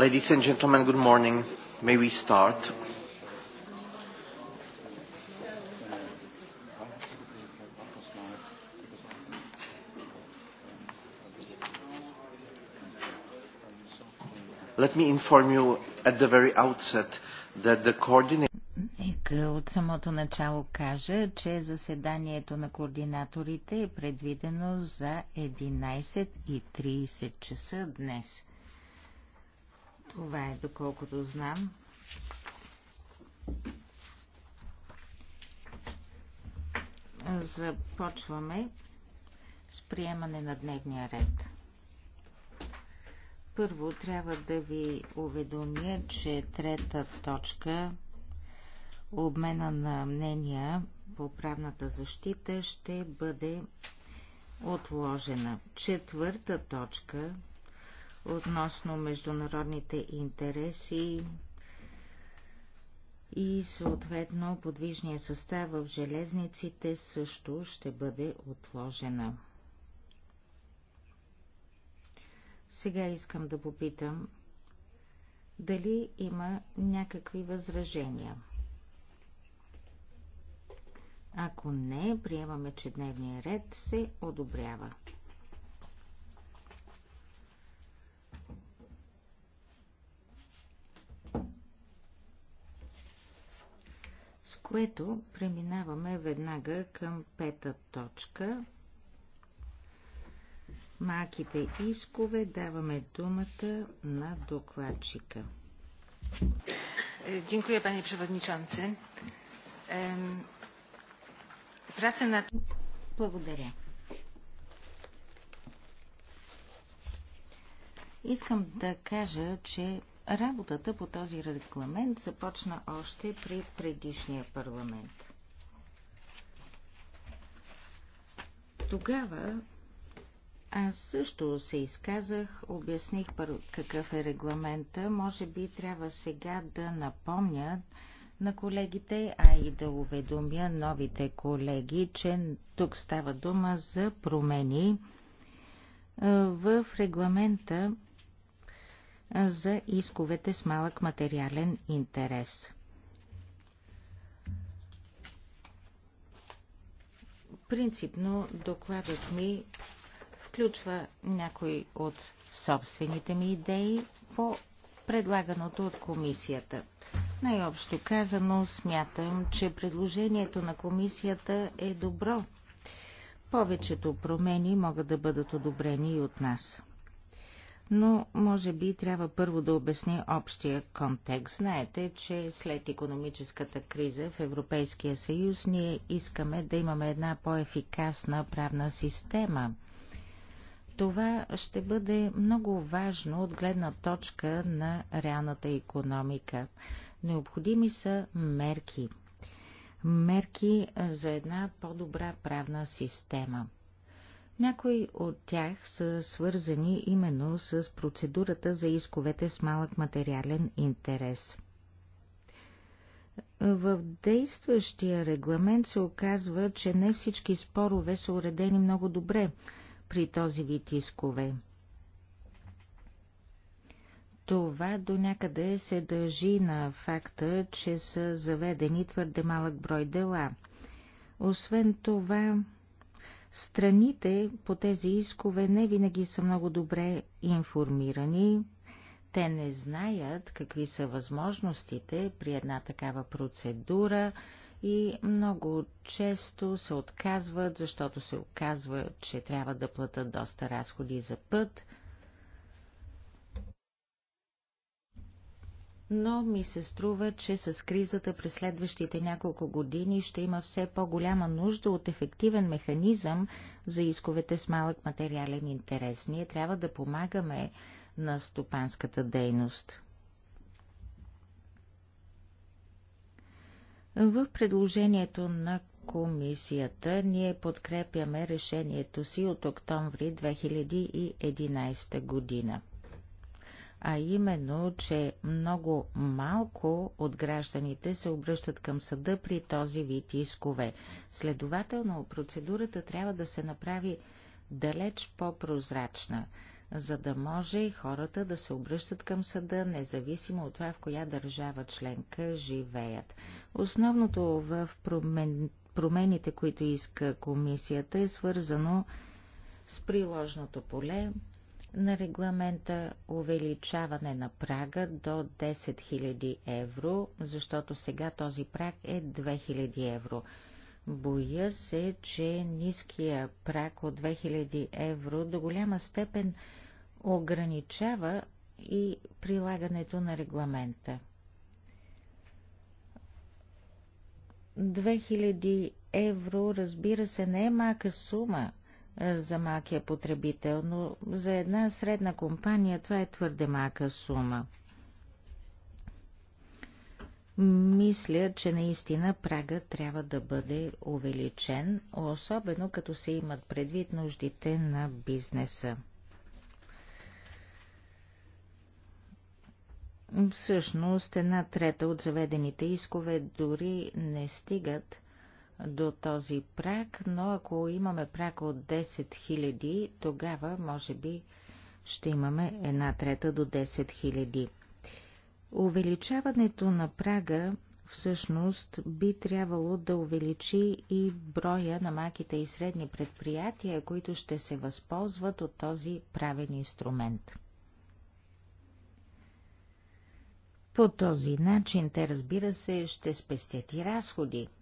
Ladies and gentlemen, good morning. May we start? Let me inform you at the very outset that the coordinator от самото начало кажа, че заседанието на координаторите е предвидено за 11.30 часа днес. Това е доколкото знам. Започваме с приемане на дневния ред. Първо трябва да ви уведомя, че трета точка обмена на мнения по правната защита ще бъде отложена. Четвърта точка относно международните интереси и съответно подвижния състав в железниците също ще бъде отложена. Сега искам да попитам дали има някакви възражения. Ако не, приемаме, че дневния ред се одобрява. което преминаваме веднага към пета точка. Малките искове даваме думата на докладчика. Е, дякую, пани przewodniczący. Праця на... Благодаря. Искам да кажа, че Работата по този регламент започна още при предишния парламент. Тогава аз също се изказах, обясних какъв е регламента. Може би трябва сега да напомня на колегите, а и да уведомя новите колеги, че тук става дума за промени в регламента за исковете с малък материален интерес. Принципно докладът ми включва някои от собствените ми идеи по предлаганото от комисията. Най-общо казано, смятам, че предложението на комисията е добро. Повечето промени могат да бъдат одобрени и от нас но може би трябва първо да обясни общия контекст. Знаете, че след економическата криза в Европейския съюз ние искаме да имаме една по-ефикасна правна система. Това ще бъде много важно от гледна точка на реалната економика. Необходими са мерки. Мерки за една по-добра правна система – някои от тях са свързани именно с процедурата за исковете с малък материален интерес. В действащия регламент се оказва, че не всички спорове са уредени много добре при този вид искове. Това до някъде се дължи на факта, че са заведени твърде малък брой дела. Освен това, Страните по тези искове не винаги са много добре информирани. Те не знаят какви са възможностите при една такава процедура и много често се отказват, защото се оказва, че трябва да платят доста разходи за път – но ми се струва, че с кризата през следващите няколко години ще има все по-голяма нужда от ефективен механизъм за исковете с малък материален интерес. Ние трябва да помагаме на стопанската дейност. В предложението на комисията ние подкрепяме решението си от октомври 2011 година а именно, че много малко от гражданите се обръщат към съда при този вид искове. Следователно, процедурата трябва да се направи далеч по-прозрачна, за да може хората да се обръщат към съда, независимо от това в коя държава членка живеят. Основното в промен... промените, които иска комисията, е свързано с приложното поле, на регламента увеличаване на прага до 10 000 евро, защото сега този праг е 2000 евро. Боя се, че ниския праг от 2000 евро до голяма степен ограничава и прилагането на регламента. 2000 евро, разбира се, не е мака сума, за малкия потребител, но за една средна компания това е твърде малка сума. Мисля, че наистина прага трябва да бъде увеличен, особено като се имат предвид нуждите на бизнеса. Всъщност, една трета от заведените искове дори не стигат до този прак, но ако имаме прак от 10 000, тогава може би ще имаме една трета до 10 000. Увеличаването на прага всъщност би трябвало да увеличи и броя на малките и средни предприятия, които ще се възползват от този правен инструмент. По този начин те, разбира се, ще спестят и разходи –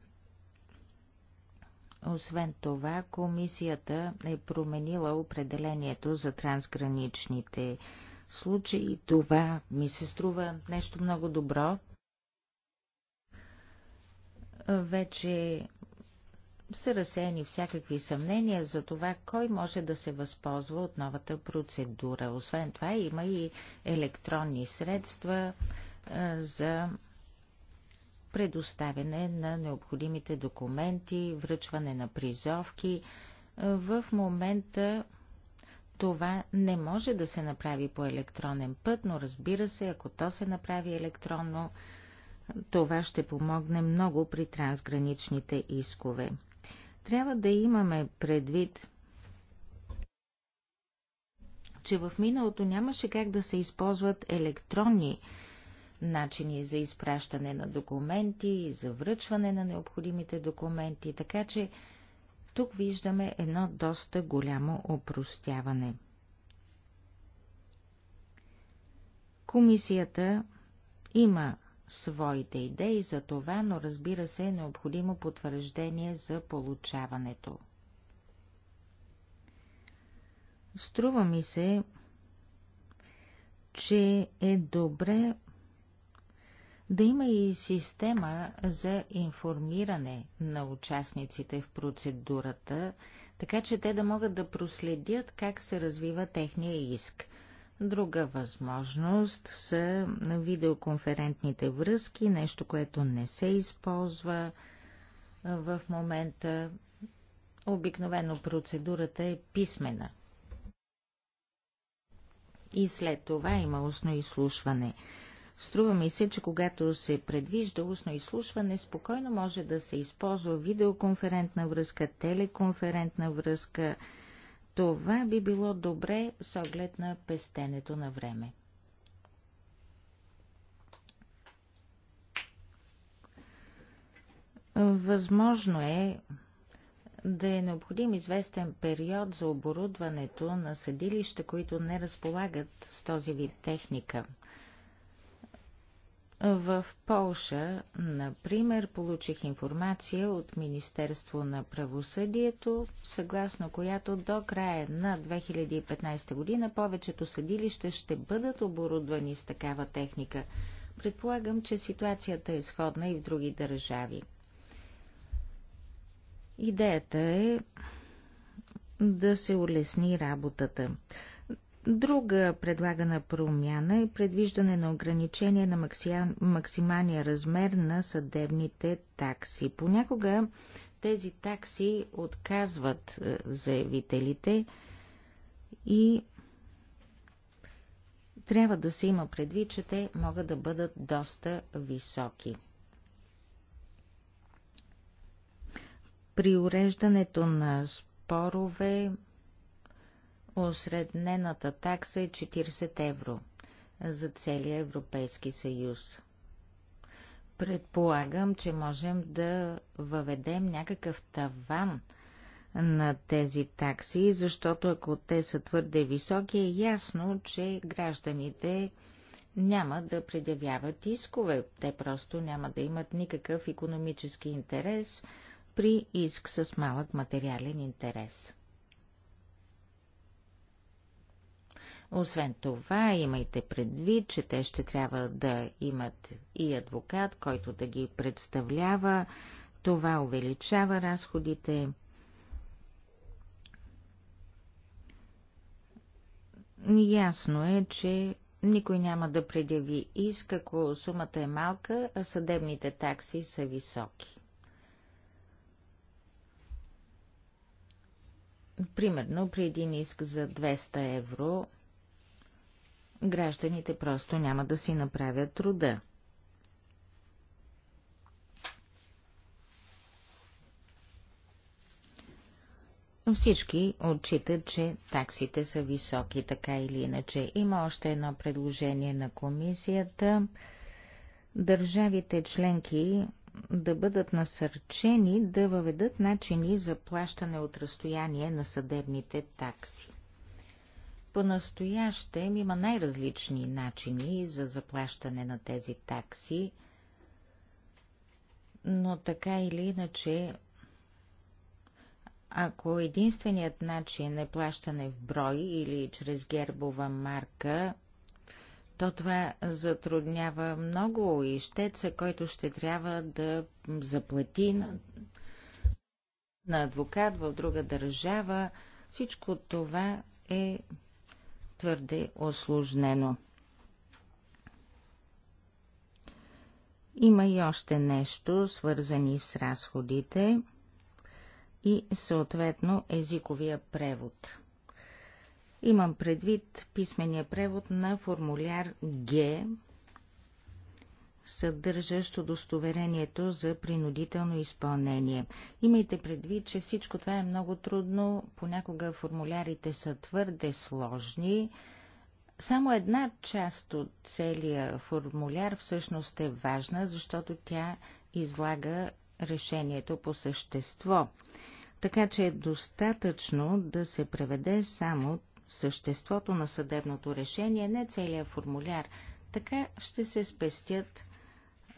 освен това, комисията е променила определението за трансграничните случаи. Това ми се струва нещо много добро. Вече са разсеяни всякакви съмнения за това, кой може да се възползва от новата процедура. Освен това, има и електронни средства за предоставяне на необходимите документи, връчване на призовки. В момента това не може да се направи по електронен път, но разбира се, ако то се направи електронно, това ще помогне много при трансграничните искове. Трябва да имаме предвид, че в миналото нямаше как да се използват електронни начини за изпращане на документи, и за връчване на необходимите документи, така че тук виждаме едно доста голямо опростяване. Комисията има своите идеи за това, но разбира се е необходимо потвърждение за получаването. Струва ми се, че е добре да има и система за информиране на участниците в процедурата, така че те да могат да проследят как се развива техния иск. Друга възможност са видеоконферентните връзки, нещо, което не се използва в момента. Обикновено процедурата е писмена. И след това има устно изслушване. Струва ми се, че когато се предвижда устно изслушване, спокойно може да се използва видеоконферентна връзка, телеконферентна връзка. Това би било добре с оглед на пестенето на време. Възможно е да е необходим известен период за оборудването на съдилища, които не разполагат с този вид техника – в Полша, например, получих информация от Министерство на правосъдието, съгласно която до края на 2015 година повечето съдилища ще бъдат оборудвани с такава техника. Предполагам, че ситуацията е сходна и в други държави. Идеята е да се улесни работата. Друга предлагана промяна е предвиждане на ограничение на максия... максималния размер на съдебните такси. Понякога тези такси отказват е, заявителите и трябва да се има предвид, че те могат да бъдат доста високи. При уреждането на спорове Осреднената такса е 40 евро за целия Европейски съюз. Предполагам, че можем да въведем някакъв таван на тези такси, защото ако те са твърде високи, е ясно, че гражданите няма да предявяват искове. Те просто няма да имат никакъв економически интерес при иск с малък материален интерес. Освен това, имайте предвид, че те ще трябва да имат и адвокат, който да ги представлява. Това увеличава разходите. Ясно е, че никой няма да предяви иск, ако сумата е малка, а съдебните такси са високи. Примерно при един иск за 200 евро гражданите просто няма да си направят труда. Всички отчитат, че таксите са високи, така или иначе. Има още едно предложение на комисията. Държавите членки да бъдат насърчени да въведат начини за плащане от разстояние на съдебните такси. По-настоящем има най-различни начини за заплащане на тези такси, но така или иначе, ако единственият начин е плащане в брой или чрез гербова марка, то това затруднява много и щеца, който ще трябва да заплати на, на адвокат в друга държава. Всичко това е твърде осложнено. Има и още нещо, свързани с разходите и съответно езиковия превод. Имам предвид писмения превод на формуляр Г съдържащ удостоверението за принудително изпълнение. Имайте предвид, че всичко това е много трудно, понякога формулярите са твърде сложни. Само една част от целия формуляр всъщност е важна, защото тя излага решението по същество. Така че е достатъчно да се преведе само съществото на съдебното решение, не целият формуляр. Така ще се спестят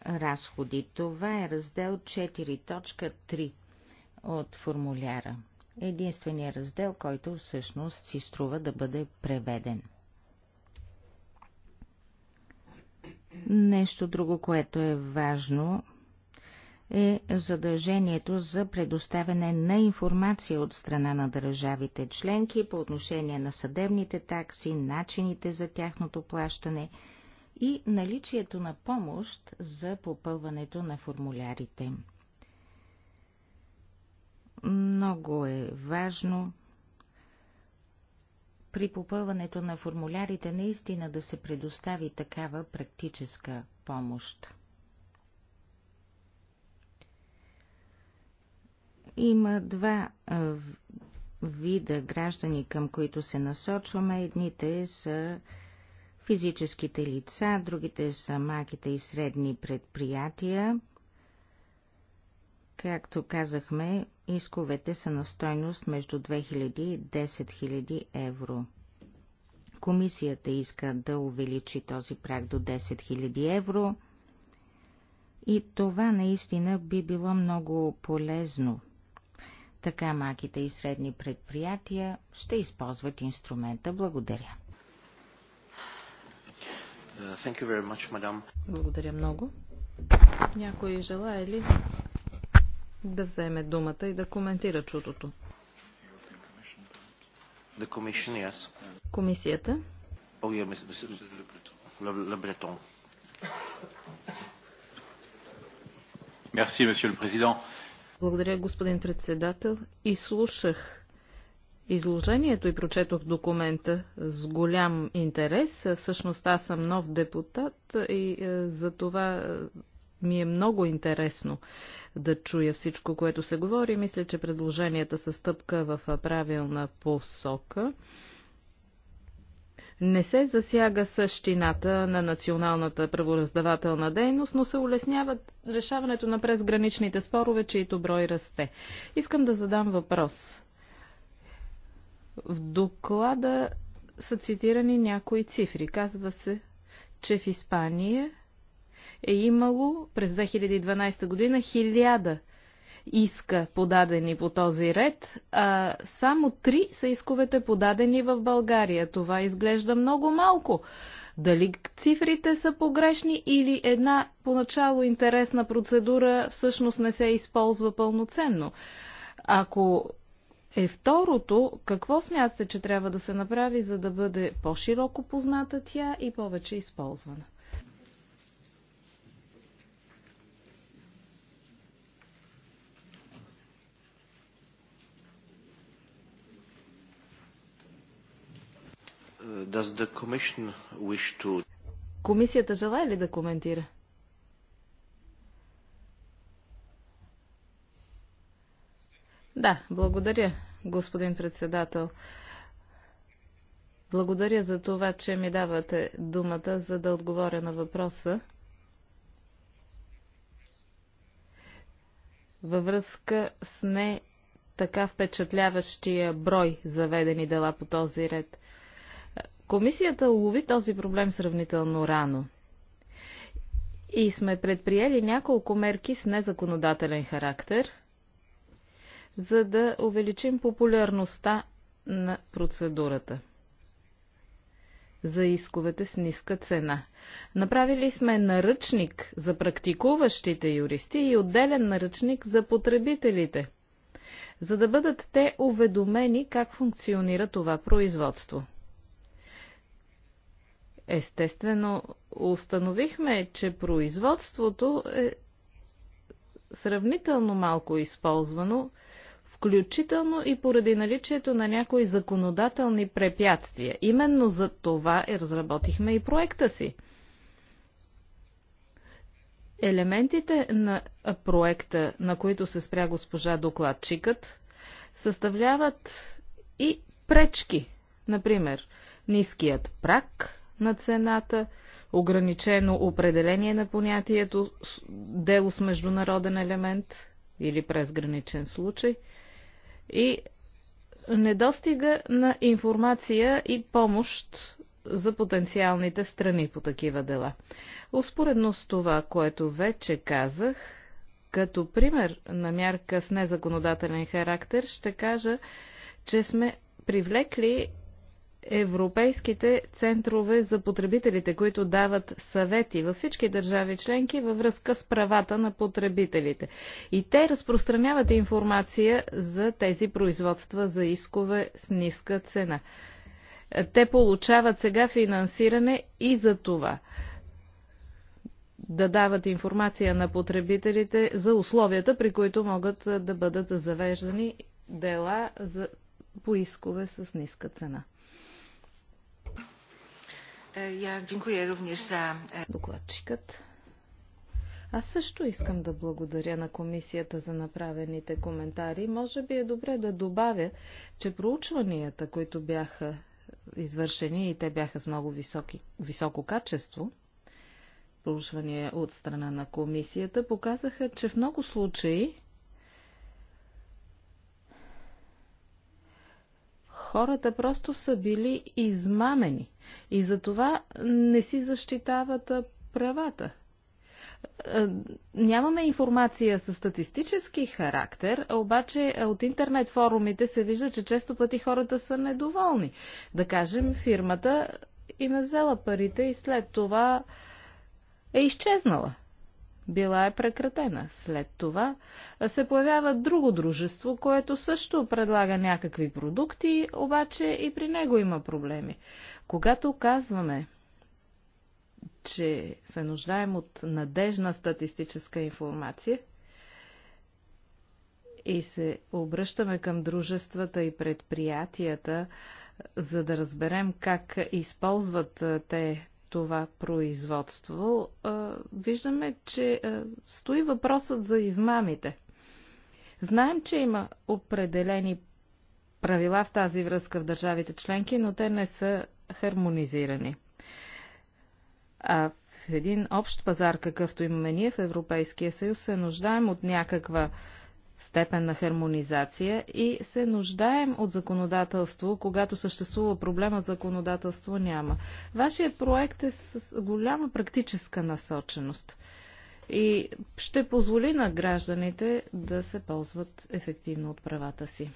разходи. Това е раздел 4.3 от формуляра. Единственият раздел, който всъщност си струва да бъде преведен. Нещо друго, което е важно, е задължението за предоставяне на информация от страна на държавите членки по отношение на съдебните такси, начините за тяхното плащане – и наличието на помощ за попълването на формулярите. Много е важно при попълването на формулярите наистина да се предостави такава практическа помощ. Има два вида граждани, към които се насочваме. Едните са физическите лица, другите са малките и средни предприятия. Както казахме, исковете са на стойност между 2000 и 10 000 евро. Комисията иска да увеличи този праг до 10 000 евро и това наистина би било много полезно. Така маките и средни предприятия ще използват инструмента. Благодаря. Thank you very much, madam. Благодаря много. Някой желая ли да вземе думата и да коментира чутото? The commission, yes. Комисията? Oh, yeah, Mr. Le Breton. Merci, monsieur le président. Благодаря, господин председател. И слушах изложението и прочетох документа с голям интерес. Всъщност аз съм нов депутат и е, за това е, ми е много интересно да чуя всичко, което се говори. Мисля, че предложенията са стъпка в е, правилна посока. Не се засяга същината на националната правораздавателна дейност, но се улеснява решаването на презграничните спорове, чието брой расте. Искам да задам въпрос. В доклада са цитирани някои цифри. Казва се, че в Испания е имало през 2012 година хиляда иска подадени по този ред, а само три са исковете подадени в България. Това изглежда много малко. Дали цифрите са погрешни или една поначало интересна процедура всъщност не се използва пълноценно? Ако е второто, какво смятате, че трябва да се направи, за да бъде по-широко позната тя и повече използвана? To... Комисията желая ли да коментира? Да, благодаря, господин председател. Благодаря за това, че ми давате думата, за да отговоря на въпроса. Във връзка с не така впечатляващия брой заведени дела по този ред. Комисията улови този проблем сравнително рано. И сме предприели няколко мерки с незаконодателен характер – за да увеличим популярността на процедурата за исковете с ниска цена. Направили сме наръчник за практикуващите юристи и отделен наръчник за потребителите, за да бъдат те уведомени как функционира това производство. Естествено, установихме, че производството е сравнително малко използвано включително и поради наличието на някои законодателни препятствия. Именно за това и е разработихме и проекта си. Елементите на проекта, на които се спря госпожа докладчикът, съставляват и пречки. Например, ниският прак на цената, ограничено определение на понятието дело с международен елемент или презграничен случай – и недостига на информация и помощ за потенциалните страни по такива дела. Успоредно с това, което вече казах, като пример на мярка с незаконодателен характер, ще кажа, че сме привлекли европейските центрове за потребителите, които дават съвети във всички държави членки във връзка с правата на потребителите. И те разпространяват информация за тези производства за искове с ниска цена. Те получават сега финансиране и за това да дават информация на потребителите за условията, при които могат да бъдат завеждани дела за поискове с ниска цена. Е, я дякую również за... E, Докладчикът. Аз също искам да благодаря на комисията за направените коментари. Може би е добре да добавя, че проучванията, които бяха извършени и те бяха с много високи, високо качество, проучвания от страна на комисията, показаха, че в много случаи Хората просто са били измамени и затова не си защитават правата. Нямаме информация с статистически характер, обаче от интернет форумите се вижда, че често пъти хората са недоволни. Да кажем, фирмата им е взела парите и след това е изчезнала била е прекратена. След това се появява друго дружество, което също предлага някакви продукти, обаче и при него има проблеми. Когато казваме, че се нуждаем от надежна статистическа информация и се обръщаме към дружествата и предприятията, за да разберем как използват те това производство, виждаме, че стои въпросът за измамите. Знаем, че има определени правила в тази връзка в държавите членки, но те не са хармонизирани. А в един общ пазар, какъвто имаме ние в Европейския съюз, се нуждаем от някаква степен на хармонизация и се нуждаем от законодателство, когато съществува проблема, законодателство няма. Вашият проект е с голяма практическа насоченост и ще позволи на гражданите да се ползват ефективно от правата си.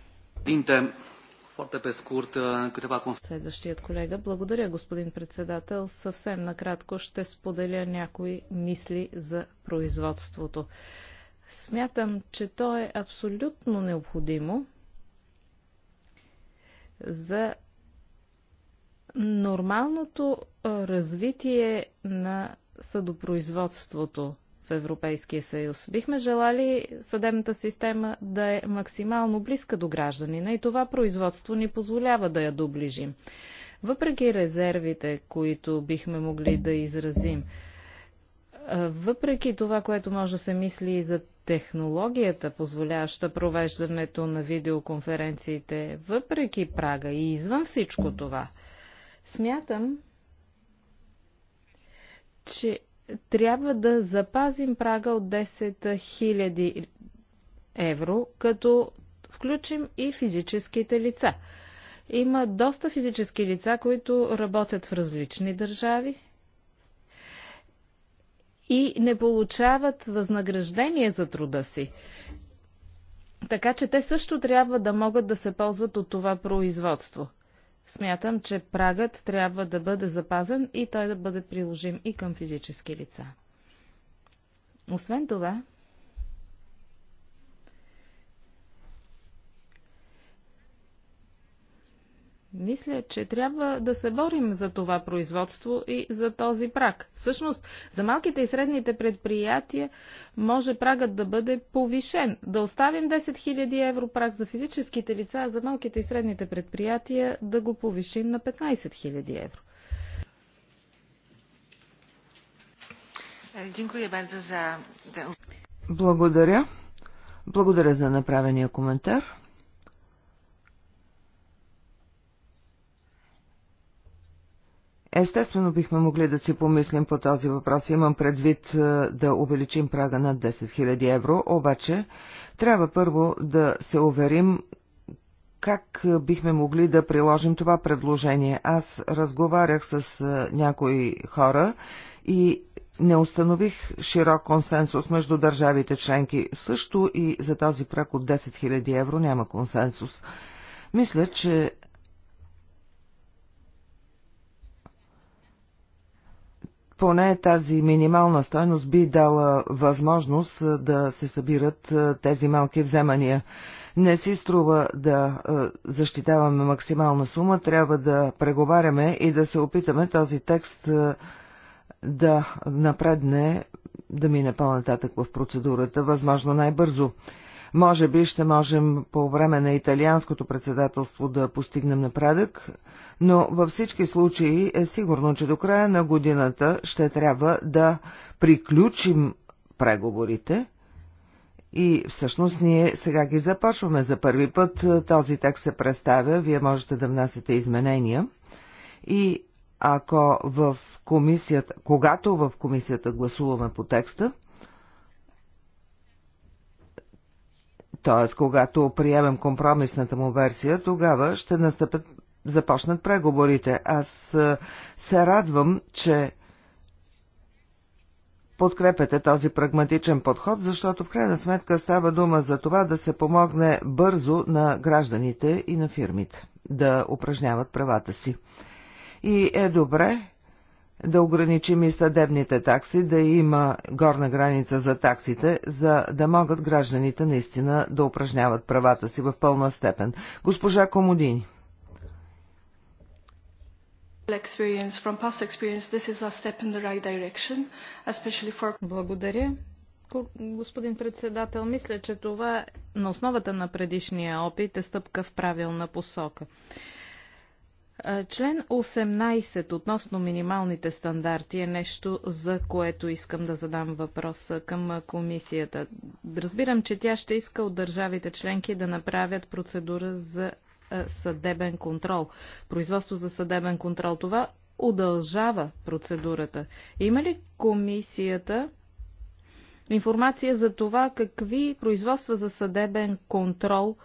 Следващият колега. Благодаря, господин председател. Съвсем накратко ще споделя някои мисли за производството. Смятам, че то е абсолютно необходимо за нормалното развитие на съдопроизводството в Европейския съюз. Бихме желали съдебната система да е максимално близка до гражданина и това производство ни позволява да я доближим. Въпреки резервите, които бихме могли да изразим въпреки това, което може да се мисли и за технологията, позволяваща провеждането на видеоконференциите, въпреки прага и извън всичко това, смятам, че трябва да запазим прага от 10 000 евро, като включим и физическите лица. Има доста физически лица, които работят в различни държави, и не получават възнаграждение за труда си. Така че те също трябва да могат да се ползват от това производство. Смятам, че прагът трябва да бъде запазен и той да бъде приложим и към физически лица. Освен това, Мисля, че трябва да се борим за това производство и за този прак. Всъщност, за малките и средните предприятия може прагът да бъде повишен. Да оставим 10 000 евро прак за физическите лица, а за малките и средните предприятия да го повишим на 15 000 евро. Благодаря. Благодаря за направения коментар. Естествено бихме могли да си помислим по този въпрос. Имам предвид е, да увеличим прага на 10 000 евро, обаче трябва първо да се уверим как е, бихме могли да приложим това предложение. Аз разговарях с е, някои хора и не установих широк консенсус между държавите членки. Също и за този прак от 10 000 евро няма консенсус. Мисля, че поне тази минимална стойност би дала възможност да се събират тези малки вземания. Не си струва да защитаваме максимална сума, трябва да преговаряме и да се опитаме този текст да напредне, да мине по-нататък в процедурата, възможно най-бързо. Може би ще можем по време на италианското председателство да постигнем напредък, но във всички случаи е сигурно, че до края на годината ще трябва да приключим преговорите. И всъщност ние сега ги започваме за първи път. Е, този текст се представя, вие можете да внасяте изменения. И ако в комисията, когато в комисията гласуваме по текста, т.е. когато приемем компромисната му версия, тогава ще настъпят, започнат преговорите. Аз е, се радвам, че подкрепяте този прагматичен подход, защото в крайна сметка става дума за това да се помогне бързо на гражданите и на фирмите да упражняват правата си. И е добре да ограничим и съдебните такси, да има горна граница за таксите, за да могат гражданите наистина да упражняват правата си в пълна степен. Госпожа Комодини. Благодаря. Господин председател, мисля, че това на основата на предишния опит е стъпка в правилна посока. Е, член 18 относно минималните стандарти е нещо, за което искам да задам въпрос към комисията. Разбирам, че тя ще иска от държавите членки да направят процедура за е, съдебен контрол. Производство за съдебен контрол. Това удължава процедурата. Има ли комисията информация за това какви производства за съдебен контрол –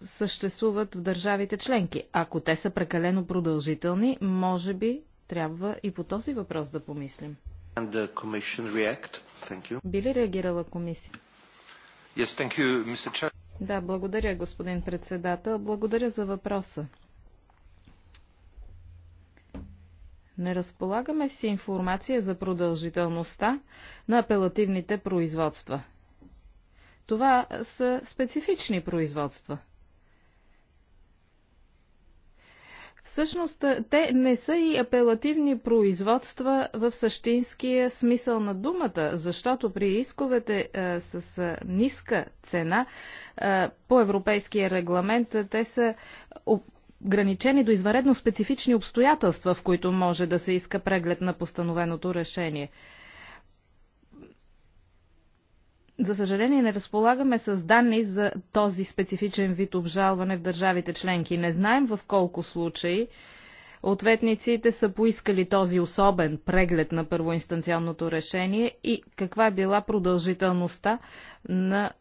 съществуват в държавите членки. Ако те са прекалено продължителни, може би трябва и по този въпрос да помислим. Би ли реагирала комисия? Yes, thank you, Mr. Chair. Да, благодаря, господин председател. Благодаря за въпроса. Не разполагаме си информация за продължителността на апелативните производства. Това са специфични производства. Всъщност, те не са и апелативни производства в същинския смисъл на думата, защото при исковете а, с а, ниска цена а, по европейския регламент а, те са ограничени до изваредно специфични обстоятелства, в които може да се иска преглед на постановеното решение. А, за съжаление, не разполагаме с данни за този специфичен вид обжалване в държавите членки. Не знаем в колко случаи ответниците са поискали този особен преглед на първоинстанционното решение и каква е била продължителността на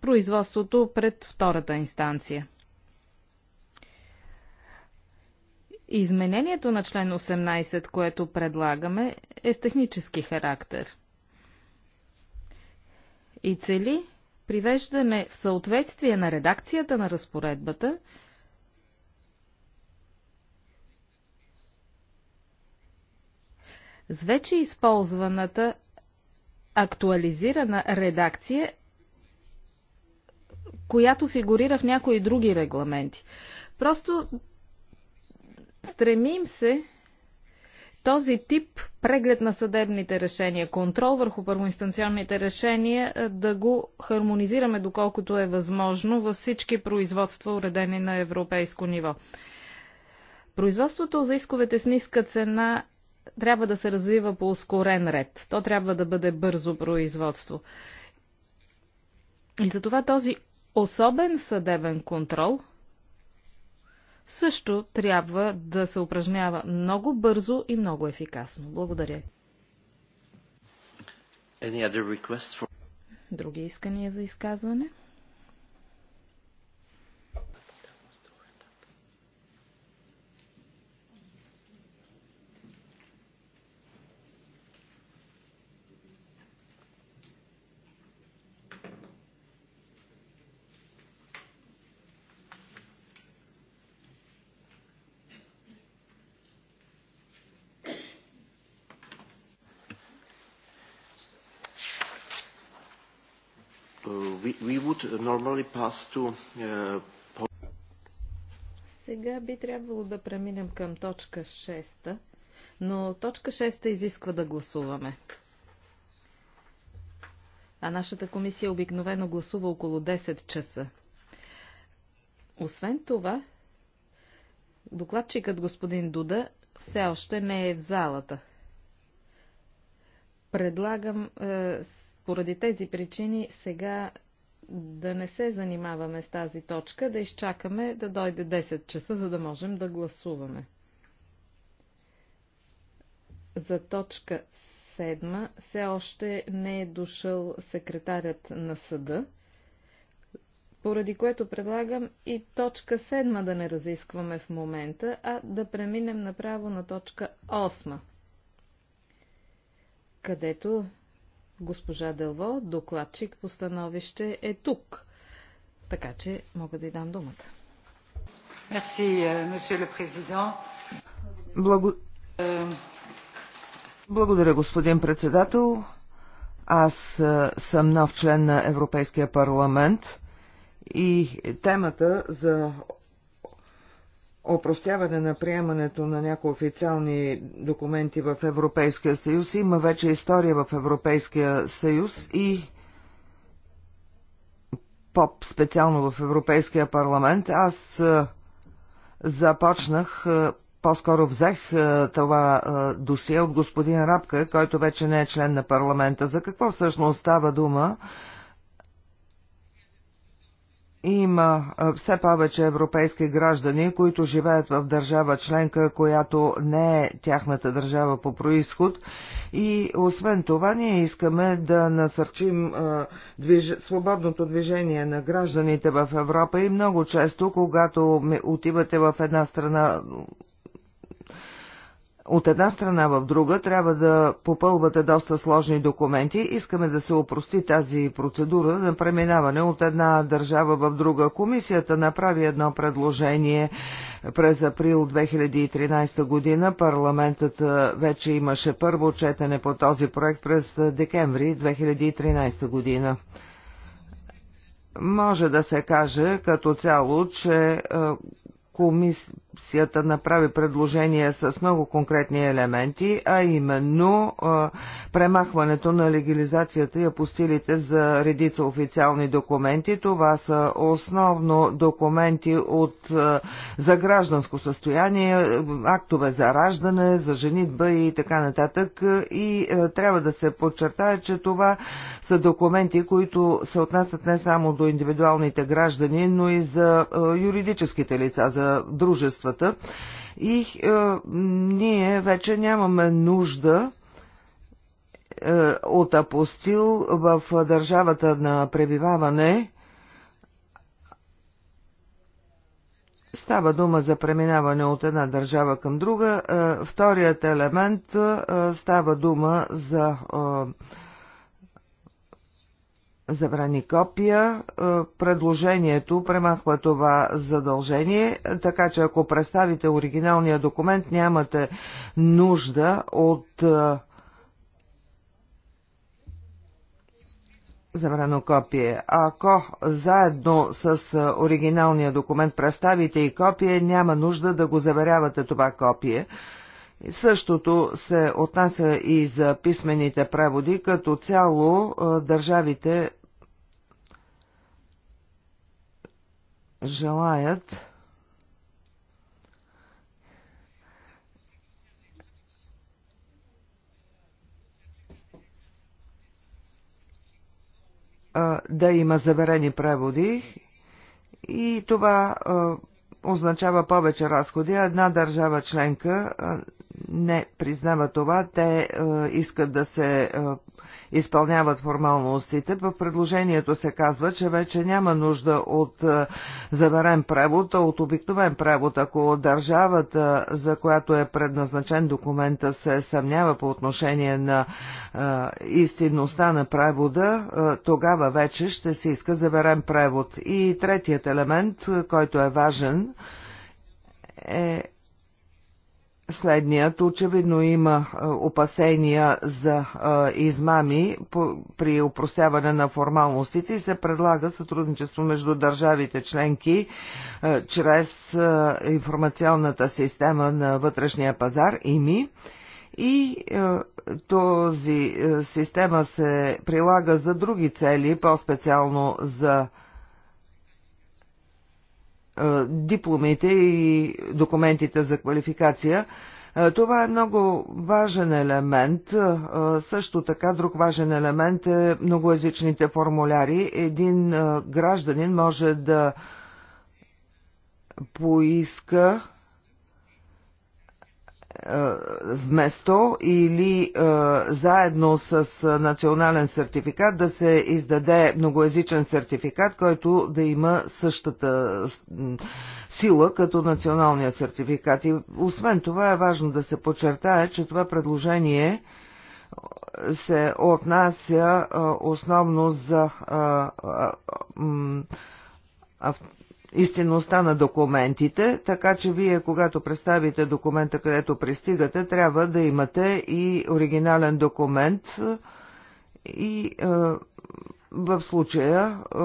производството пред втората инстанция. Изменението на член 18, което предлагаме, е с технически характер – и цели привеждане в съответствие на редакцията на разпоредбата с вече използваната актуализирана редакция, която фигурира в някои други регламенти. Просто стремим се този тип преглед на съдебните решения, контрол върху първоинстанционните решения, е, да го хармонизираме доколкото е възможно във всички производства, уредени на европейско ниво. Производството за исковете с ниска цена трябва да се развива по ускорен ред. То трябва да бъде бързо производство. И затова този особен съдебен контрол – също трябва да се упражнява много бързо и много ефикасно. Благодаря. For... Други искания за изказване? would normally pass to uh, сега би трябвало да преминем към точка 6, но точка 6 изисква да гласуваме. А нашата комисия обикновено гласува около 10 часа. Освен това, докладчикът господин Дуда все още не е в залата. Предлагам е, поради тези причини сега да не се занимаваме с тази точка, да изчакаме да дойде 10 часа, за да можем да гласуваме. За точка 7 все още не е дошъл секретарят на съда, поради което предлагам и точка 7 да не разискваме в момента, а да преминем направо на точка 8, където Госпожа Дълво, докладчик по становище е тук, така че мога да й дам думата. Мерси, месье ле президент. Благодаря, господин председател. Аз е, съм нов член на Европейския парламент и темата за опростяване на приемането на някои официални документи в Европейския съюз. Има вече история в Европейския съюз и поп специално в Европейския парламент. Аз е, започнах, е, по-скоро взех е, това досие от господин Рапка, който вече не е член на парламента. За какво всъщност става дума? има все повече европейски граждани, които живеят в държава членка, която не е тяхната държава по происход. И освен това, ние искаме да насърчим движ... свободното движение на гражданите в Европа и много често, когато отивате в една страна от една страна в друга трябва да попълвате доста сложни документи. Искаме да се опрости тази процедура на преминаване от една държава в друга. Комисията направи едно предложение през април 2013 година. Парламентът вече имаше първо четене по този проект през декември 2013 година. Може да се каже като цяло, че комисията комисията направи предложение с много конкретни елементи, а именно а, премахването на легализацията и апостилите за редица официални документи. Това са основно документи от, а, за гражданско състояние, актове за раждане, за женитба и така нататък. И а, трябва да се подчертая, че това са документи, които се отнасят не само до индивидуалните граждани, но и за юридическите лица, за дружества средствата и е, ние вече нямаме нужда е, от апостил в държавата на пребиваване. Става дума за преминаване от една държава към друга. Е, вторият елемент е, става дума за е, забрани копия. Е, предложението премахва това задължение, така че ако представите оригиналния документ, нямате нужда от е, забрано копие. Ако заедно с е, оригиналния документ представите и копие, няма нужда да го заверявате това копие. Същото се отнася и за писмените преводи. Като цяло държавите желаят да има заверени преводи и това означава повече разходи. Една държава членка не признава това. Те е, искат да се е, изпълняват формалностите. В предложението се казва, че вече няма нужда от е, заверен превод, а от обикновен превод. Ако държавата, за която е предназначен документа, се съмнява по отношение на истинността на превода, тогава вече ще се иска заверен превод. И третият елемент, който е важен, е следният. Очевидно има опасения за измами при упростяване на формалностите и се предлага сътрудничество между държавите членки чрез информационната система на вътрешния пазар ИМИ и е, този е, система се прилага за други цели, по-специално за е, дипломите и документите за квалификация. Това е много важен елемент. Също така друг важен елемент е многоязичните формуляри. Един гражданин може да поиска е, вместо или е, заедно с е, национален сертификат да се издаде многоязичен сертификат, който да има същата сила като националния сертификат. И освен това е важно да се подчертае, че това предложение се отнася основно за истинността на документите, така че вие, когато представите документа, където пристигате, трябва да имате и оригинален документ и е, в случая е,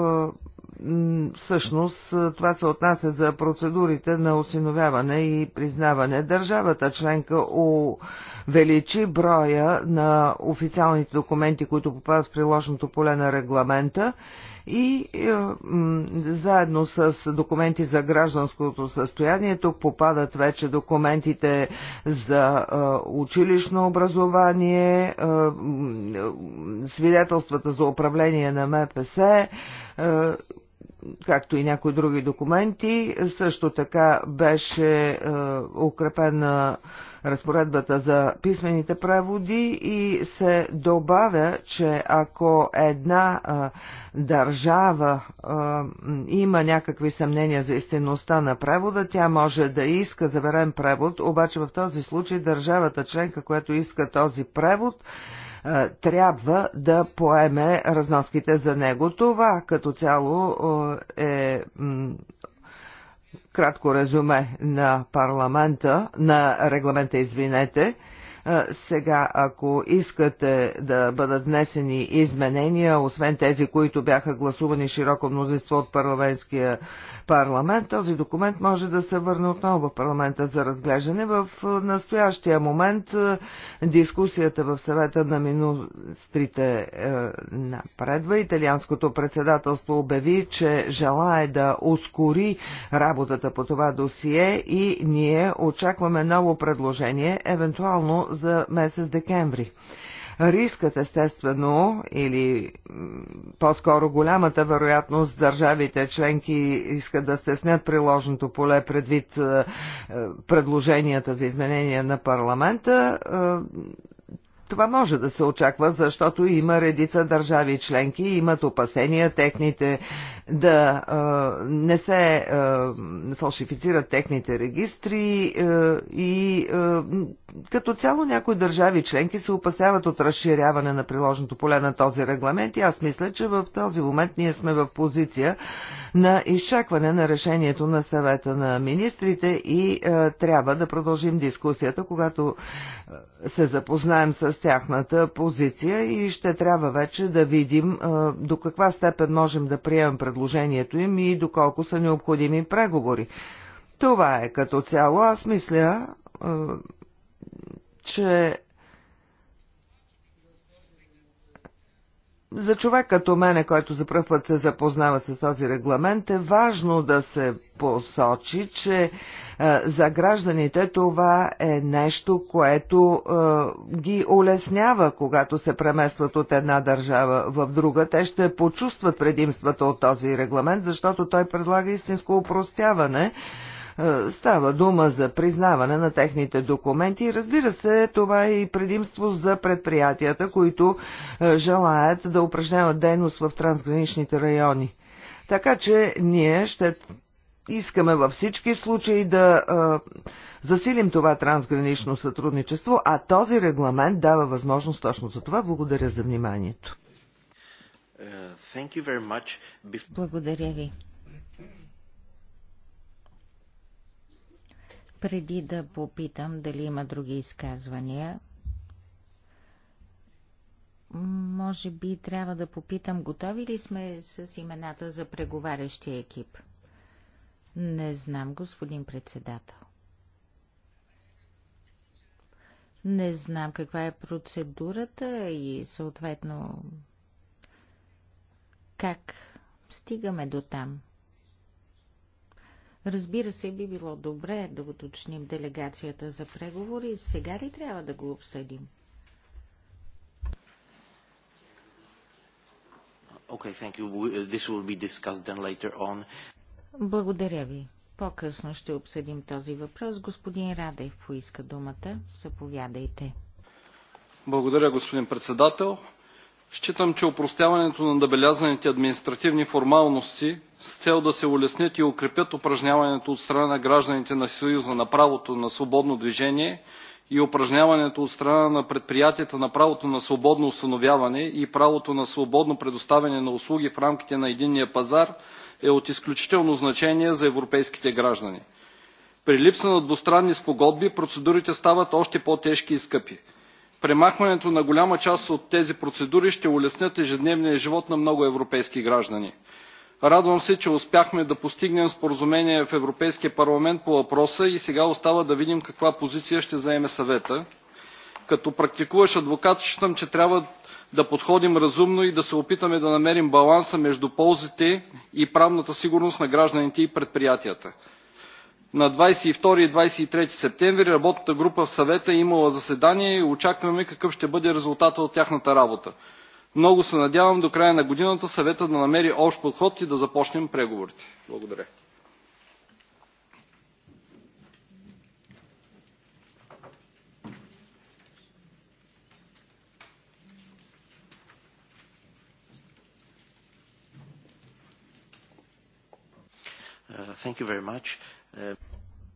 всъщност е, това се отнася за процедурите на осиновяване и признаване. Държавата членка увеличи броя на официалните документи, които попадат в приложното поле на регламента и е, заедно с документи за гражданското състояние тук попадат вече документите за е, училищно образование, е, свидетелствата за управление на МПС, както и някои други документи. Също така беше укрепена е, разпоредбата за писмените преводи и се добавя, че ако една а, държава а, има някакви съмнения за истинността на превода, тя може да иска заверен превод, обаче в този случай държавата членка, която иска този превод, трябва да поеме разноските за него. Това като цяло е кратко резюме на парламента, на регламента, извинете, сега, ако искате да бъдат внесени изменения, освен тези, които бяха гласувани широко мнозинство от парламентския парламент, този документ може да се върне отново в парламента за разглеждане. В настоящия момент дискусията в съвета на министрите е, напредва. Италианското председателство обяви, че желае да ускори работата по това досие и ние очакваме ново предложение, евентуално за месец декември. Рискът естествено или по-скоро голямата вероятност държавите членки искат да стеснят приложното поле предвид е, е, предложенията за изменение на парламента. Е, това може да се очаква, защото има редица държави членки, имат опасения техните да не се фалшифицират техните регистри и като цяло някои държави членки се опасяват от разширяване на приложното поле на този регламент и аз мисля, че в този момент ние сме в позиция на изчакване на решението на съвета на министрите и трябва да продължим дискусията, когато се запознаем с тяхната позиция и ще трябва вече да видим до каква степен можем да приемем предложението предложението им и доколко са необходими преговори. Това е като цяло. Аз мисля, е, че За човек като мене, който за първ път се запознава с този регламент, е важно да се посочи, че е, за гражданите това е нещо, което е, ги улеснява, когато се преместват от една държава в друга. Те ще почувстват предимствата от този регламент, защото той предлага истинско упростяване е, става дума за признаване на техните документи разбира се, това е и предимство за предприятията, които е, желаят да упражняват дейност в трансграничните райони. Така че ние ще искаме във всички случаи да е, засилим това трансгранично сътрудничество, а този регламент дава възможност точно за това. Благодаря за вниманието. Благодаря ви. Преди да попитам дали има други изказвания, може би трябва да попитам, готови ли сме с имената за преговарящия екип? Не знам, господин председател. Не знам каква е процедурата и съответно как стигаме до там. Разбира се, би било добре да уточним делегацията за преговори. Сега ли трябва да го обсъдим? Okay, thank you. Uh, this will be discussed then later on. Благодаря ви. По-късно ще обсъдим този въпрос. Господин Радев поиска думата. Заповядайте. Благодаря, господин председател считам че опростяването на набелязаните административни формалности с цел да се улеснят и укрепят упражняването от страна на гражданите на съюза на правото на свободно движение и упражняването от страна на предприятията на правото на свободно установяване и правото на свободно предоставяне на услуги в рамките на единния пазар е от изключително значение за европейските граждани. При липса на двустранни спогодби процедурите стават още по-тежки и скъпи премахването на голяма част от тези процедури ще улеснят ежедневния живот на много европейски граждани. радвам се че успяхме да постигнем споразумение в европейския парламент по въпроса и сега остава да видим каква позиция ще заеме съвета. като практикуващ адвокат считам че трябва да подходим разумно и да се опитаме да намерим баланса между ползите и правната сигурност на гражданите и предприятията на 22 и 23 септември работната група в съвета е имала заседание и очакваме какъв ще бъде резултатът от тяхната работа. Много се надявам до края на годината съвета да намери общ подход и да започнем преговорите. Благодаря. Uh, thank you very much.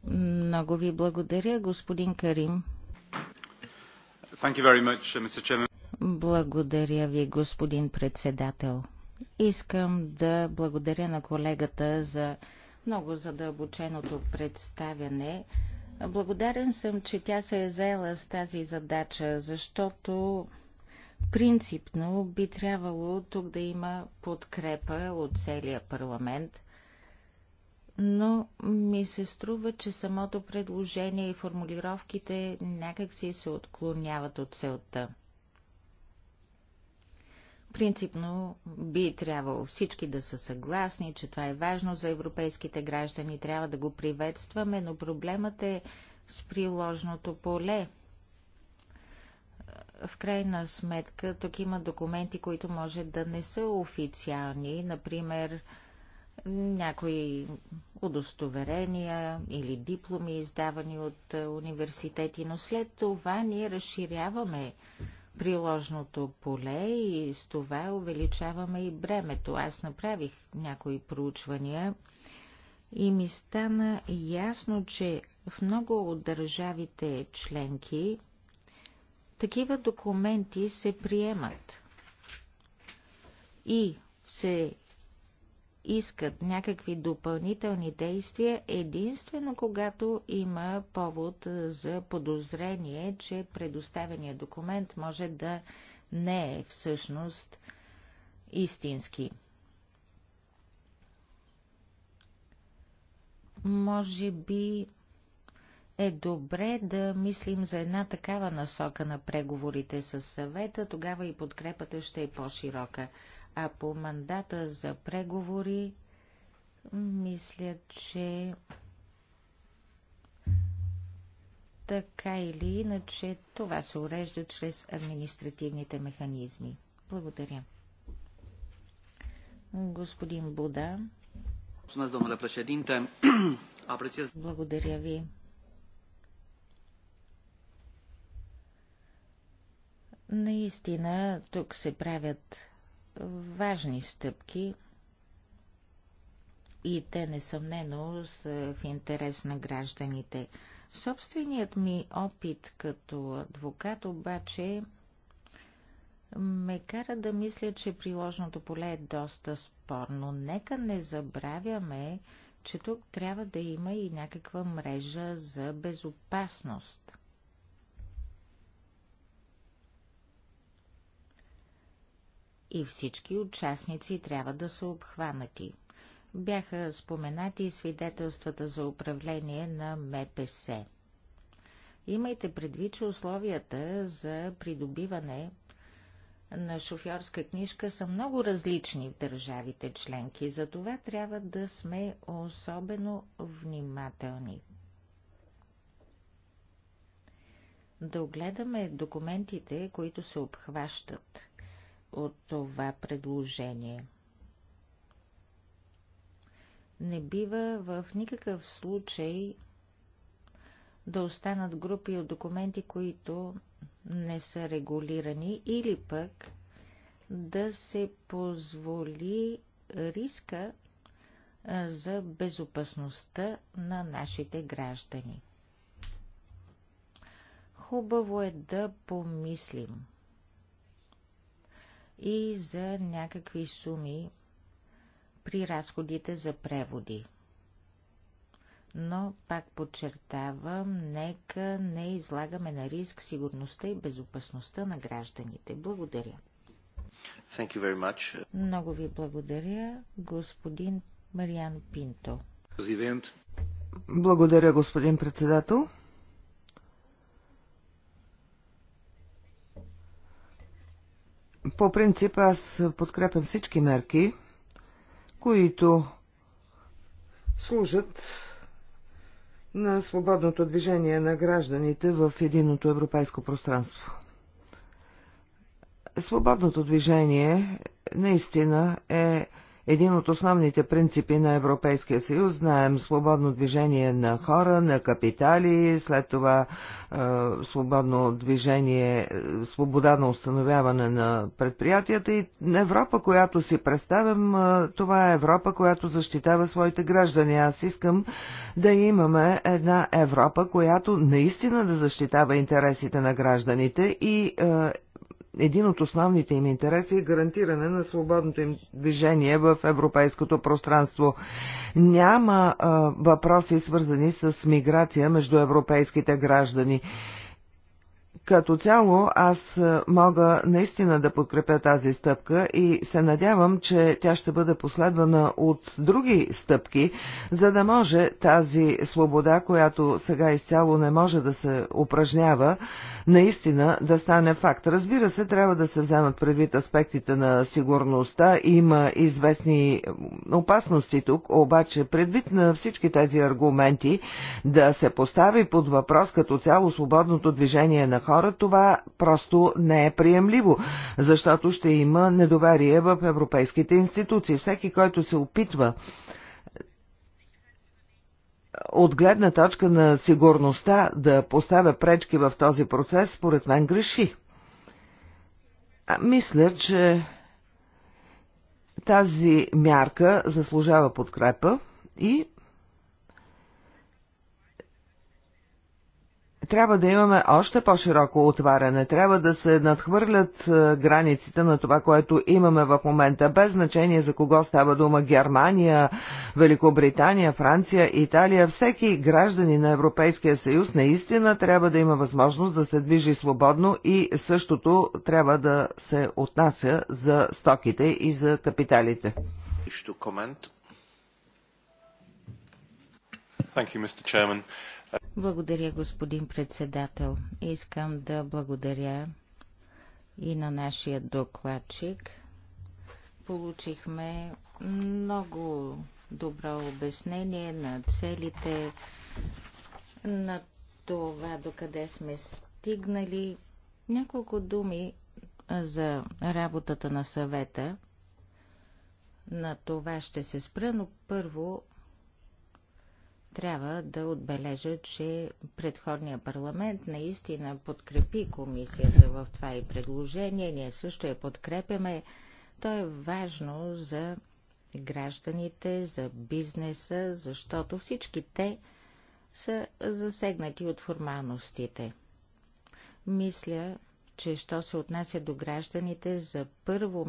Много ви благодаря, господин Карим. Much, uh, благодаря ви, господин председател. Искам да благодаря на колегата за много задълбоченото представяне. Благодарен съм, че тя се е заела с тази задача, защото принципно би трябвало тук да има подкрепа от целия парламент но ми се струва, че самото предложение и формулировките някакси се отклоняват от целта. Принципно би трябвало всички да са съгласни, че това е важно за европейските граждани, трябва да го приветстваме, но проблемът е с приложното поле. В крайна сметка, тук има документи, които може да не са официални, например, някои удостоверения или дипломи, издавани от е, университети, но след това ние разширяваме приложното поле и с това увеличаваме и бремето. Аз направих някои проучвания и ми стана ясно, че в много от държавите членки такива документи се приемат и се искат някакви допълнителни действия единствено когато има повод за подозрение, че предоставения документ може да не е всъщност истински. Може би е добре да мислим за една такава насока на преговорите с съвета, тогава и подкрепата ще е по-широка. А по мандата за преговори, мисля, че така или иначе това се урежда чрез административните механизми. Благодаря. Господин Буда. Благодаря ви. Наистина, тук се правят важни стъпки и те несъмнено са в интерес на гражданите. Собственият ми опит като адвокат обаче ме кара да мисля, че приложното поле е доста спорно. Нека не забравяме, че тук трябва да има и някаква мрежа за безопасност. и всички участници трябва да са обхванати. Бяха споменати и свидетелствата за управление на МПС. Имайте предвид, че условията за придобиване на шофьорска книжка са много различни в държавите членки, затова трябва да сме особено внимателни. Да огледаме документите, които се обхващат – от това предложение. Не бива в никакъв случай да останат групи от документи, които не са регулирани или пък да се позволи риска за безопасността на нашите граждани. Хубаво е да помислим – и за някакви суми при разходите за преводи. Но, пак подчертавам, нека не излагаме на риск сигурността и безопасността на гражданите. Благодаря. Thank you very much. Много ви благодаря, господин Мариан Пинто. Президент. Благодаря, господин председател. По принцип аз подкрепям всички мерки, които служат на свободното движение на гражданите в единото европейско пространство. Свободното движение наистина е един от основните принципи на Европейския съюз. Знаем свободно движение на хора, на капитали, след това е, свободно движение, свобода на установяване на предприятията и Европа, която си представям, е, това е Европа, която защитава своите граждани. Аз искам да имаме една Европа, която наистина да защитава интересите на гражданите и е, един от основните им интереси е гарантиране на свободното им движение в европейското пространство. Няма а, въпроси свързани с миграция между европейските граждани. Като цяло аз е, мога наистина да подкрепя тази стъпка и се надявам, че тя ще бъде последвана от други стъпки, за да може тази свобода, която сега изцяло не може да се упражнява, наистина да стане факт. Разбира се, трябва да се вземат предвид аспектите на сигурността. Има известни опасности тук, обаче предвид на всички тези аргументи да се постави под въпрос като цяло свободното движение на хората хора, това просто не е приемливо, защото ще има недоверие в европейските институции. Всеки, който се опитва от гледна точка на сигурността да поставя пречки в този процес, според мен греши. А, мисля, че тази мярка заслужава подкрепа и трябва да имаме още по-широко отваряне, трябва да се надхвърлят е, границите на това, което имаме в момента, без значение за кого става дума Германия, Великобритания, Франция, Италия. Всеки граждани на Европейския съюз наистина трябва да има възможност да се движи свободно и същото трябва да се отнася за стоките и за капиталите. Thank you, Mr. Chairman. Благодаря, господин председател. Искам да благодаря и на нашия докладчик. Получихме много добро обяснение на целите, на това докъде сме стигнали. Няколко думи за работата на съвета. На това ще се спра, но първо трябва да отбележа, че предходния парламент наистина подкрепи комисията в това и предложение. Ние също я подкрепяме. То е важно за гражданите, за бизнеса, защото всички те са засегнати от формалностите. Мисля, че що се отнася до гражданите, за, първо,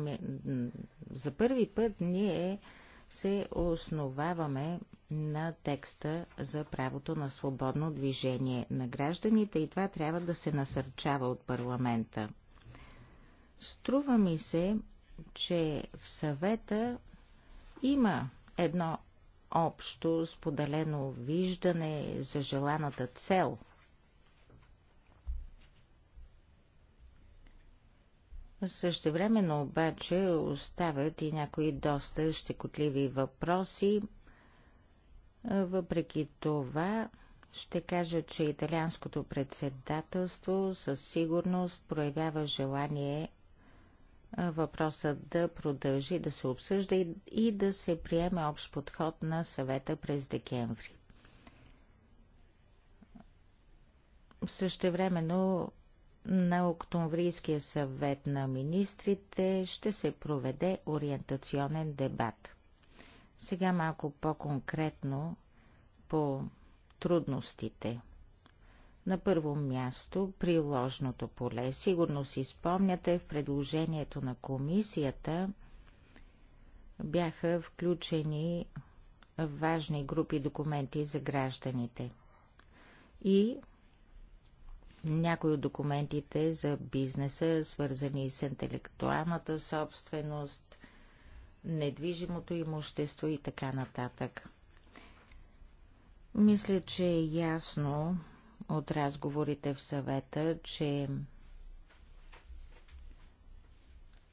за първи път ние се основаваме на текста за правото на свободно движение на гражданите и това трябва да се насърчава от парламента. Струва ми се, че в съвета има едно общо споделено виждане за желаната цел Същевременно обаче остават и някои доста щекотливи въпроси. Въпреки това, ще кажа, че италианското председателство със сигурност проявява желание въпросът да продължи да се обсъжда и да се приеме общ подход на съвета през декември. Същевременно на Октомврийския съвет на министрите ще се проведе ориентационен дебат. Сега малко по-конкретно по трудностите. На първо място приложното поле. Сигурно си спомняте, в предложението на комисията бяха включени важни групи документи за гражданите. И някои от документите за бизнеса, свързани с интелектуалната собственост, недвижимото имущество и така нататък. Мисля, че е ясно от разговорите в съвета, че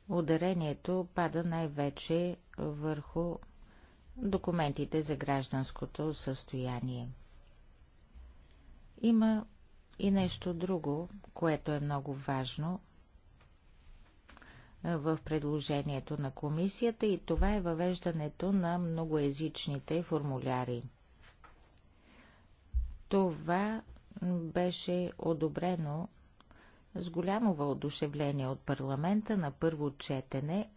ударението пада най-вече върху документите за гражданското състояние. Има и нещо друго, което е много важно в предложението на комисията и това е въвеждането на многоезичните формуляри. Това беше одобрено с голямо въодушевление от парламента на първо четене.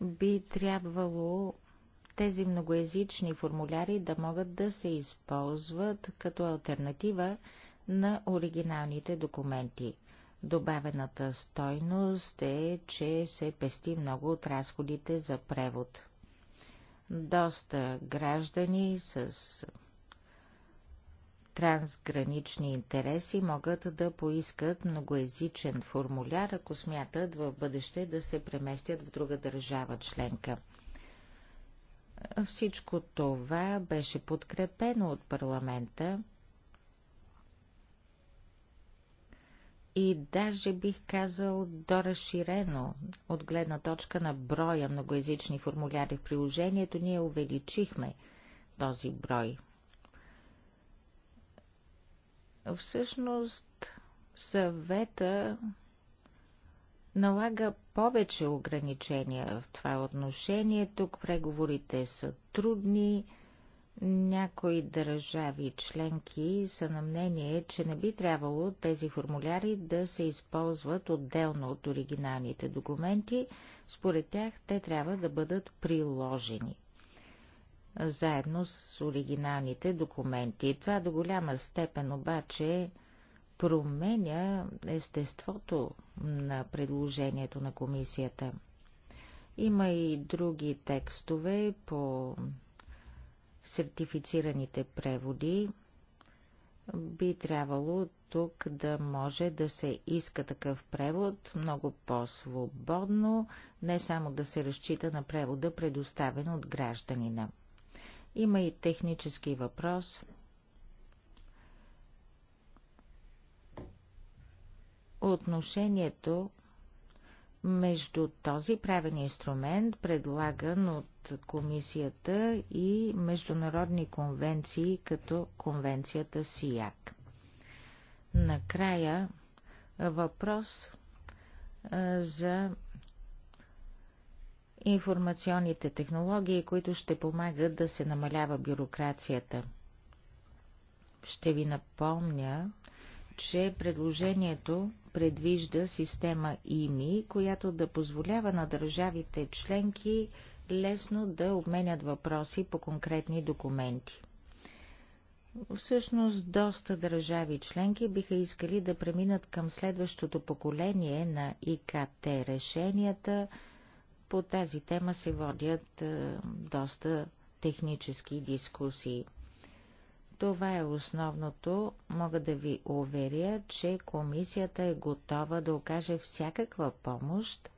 Би трябвало тези многоезични формуляри да могат да се използват като альтернатива на оригиналните документи. Добавената стойност е, че се пести много от разходите за превод. Доста граждани с трансгранични интереси могат да поискат многоезичен формуляр, ако смятат в бъдеще да се преместят в друга държава членка. Всичко това беше подкрепено от парламента и даже бих казал доразширено от гледна точка на броя многоязични формуляри в приложението, ние увеличихме този брой. Всъщност, съвета налага повече ограничения в това отношение. Тук преговорите са трудни, някои държави членки са на мнение, че не би трябвало тези формуляри да се използват отделно от оригиналните документи. Според тях те трябва да бъдат приложени заедно с оригиналните документи. Това до голяма степен обаче променя естеството на предложението на комисията. Има и други текстове по сертифицираните преводи, би трябвало тук да може да се иска такъв превод много по-свободно, не само да се разчита на превода, предоставен от гражданина. Има и технически въпрос. Отношението между този правен инструмент, предлаган от комисията и международни конвенции, като конвенцията СИЯК. Накрая въпрос за информационните технологии, които ще помагат да се намалява бюрокрацията. Ще ви напомня, че предложението предвижда система ИМИ, която да позволява на държавите членки лесно да обменят въпроси по конкретни документи. Всъщност, доста държави членки биха искали да преминат към следващото поколение на ИКТ решенията. По тази тема се водят е, доста технически дискусии. Това е основното. Мога да ви уверя, че комисията е готова да окаже всякаква помощ,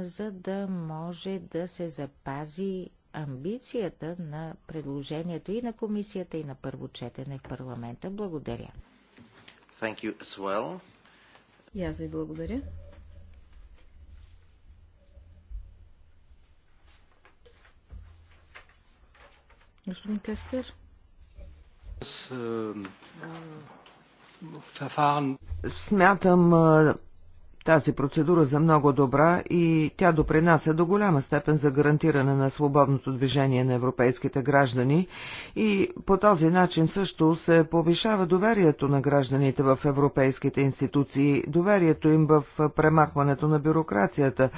за да може да се запази амбицията на предложението и на комисията, и на първо четене в парламента. Благодаря. Thank you as well. И аз ви благодаря. Господин Кастер. Смятам тази процедура за много добра и тя допринася до голяма степен за гарантиране на свободното движение на европейските граждани и по този начин също се повишава доверието на гражданите в европейските институции, доверието им в премахването на бюрокрацията.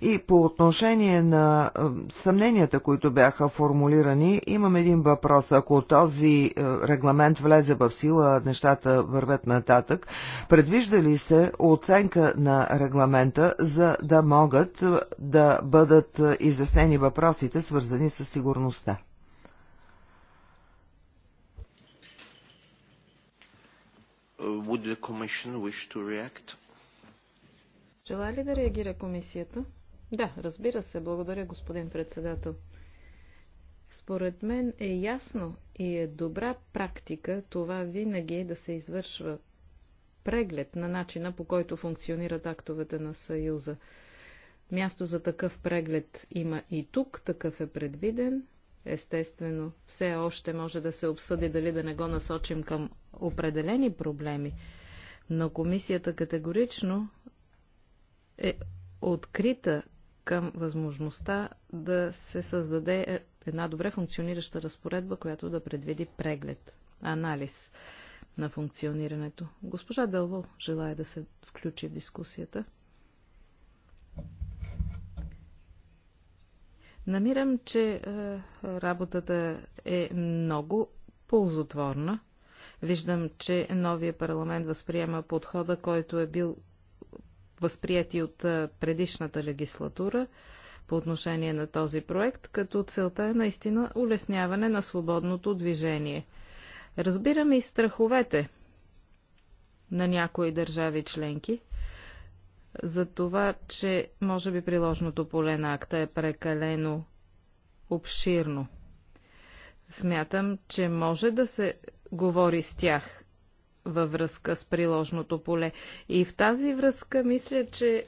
И по отношение на е, съмненията, които бяха формулирани, имам един въпрос. Ако този е, регламент влезе в сила, нещата вървят нататък, предвижда ли се оценка на регламента, за да могат е, да бъдат изяснени въпросите, свързани с сигурността? Would the Commission wish to react? Желая ли да реагира комисията? Да, разбира се. Благодаря, господин председател. Според мен е ясно и е добра практика това винаги е да се извършва преглед на начина по който функционират актовете на Съюза. Място за такъв преглед има и тук, такъв е предвиден. Естествено, все още може да се обсъди дали да не го насочим към определени проблеми, но комисията категорично е открита към възможността да се създаде е, една добре функционираща разпоредба, която да предвиди преглед, анализ на функционирането. Госпожа Дълво желая да се включи в дискусията. Намирам, че е, работата е много ползотворна. Виждам, че новия парламент възприема подхода, който е бил възприяти от предишната легислатура по отношение на този проект, като целта е наистина улесняване на свободното движение. Разбираме и страховете на някои държави членки за това, че може би приложното поле на акта е прекалено обширно. Смятам, че може да се говори с тях във връзка с приложното поле. И в тази връзка мисля, че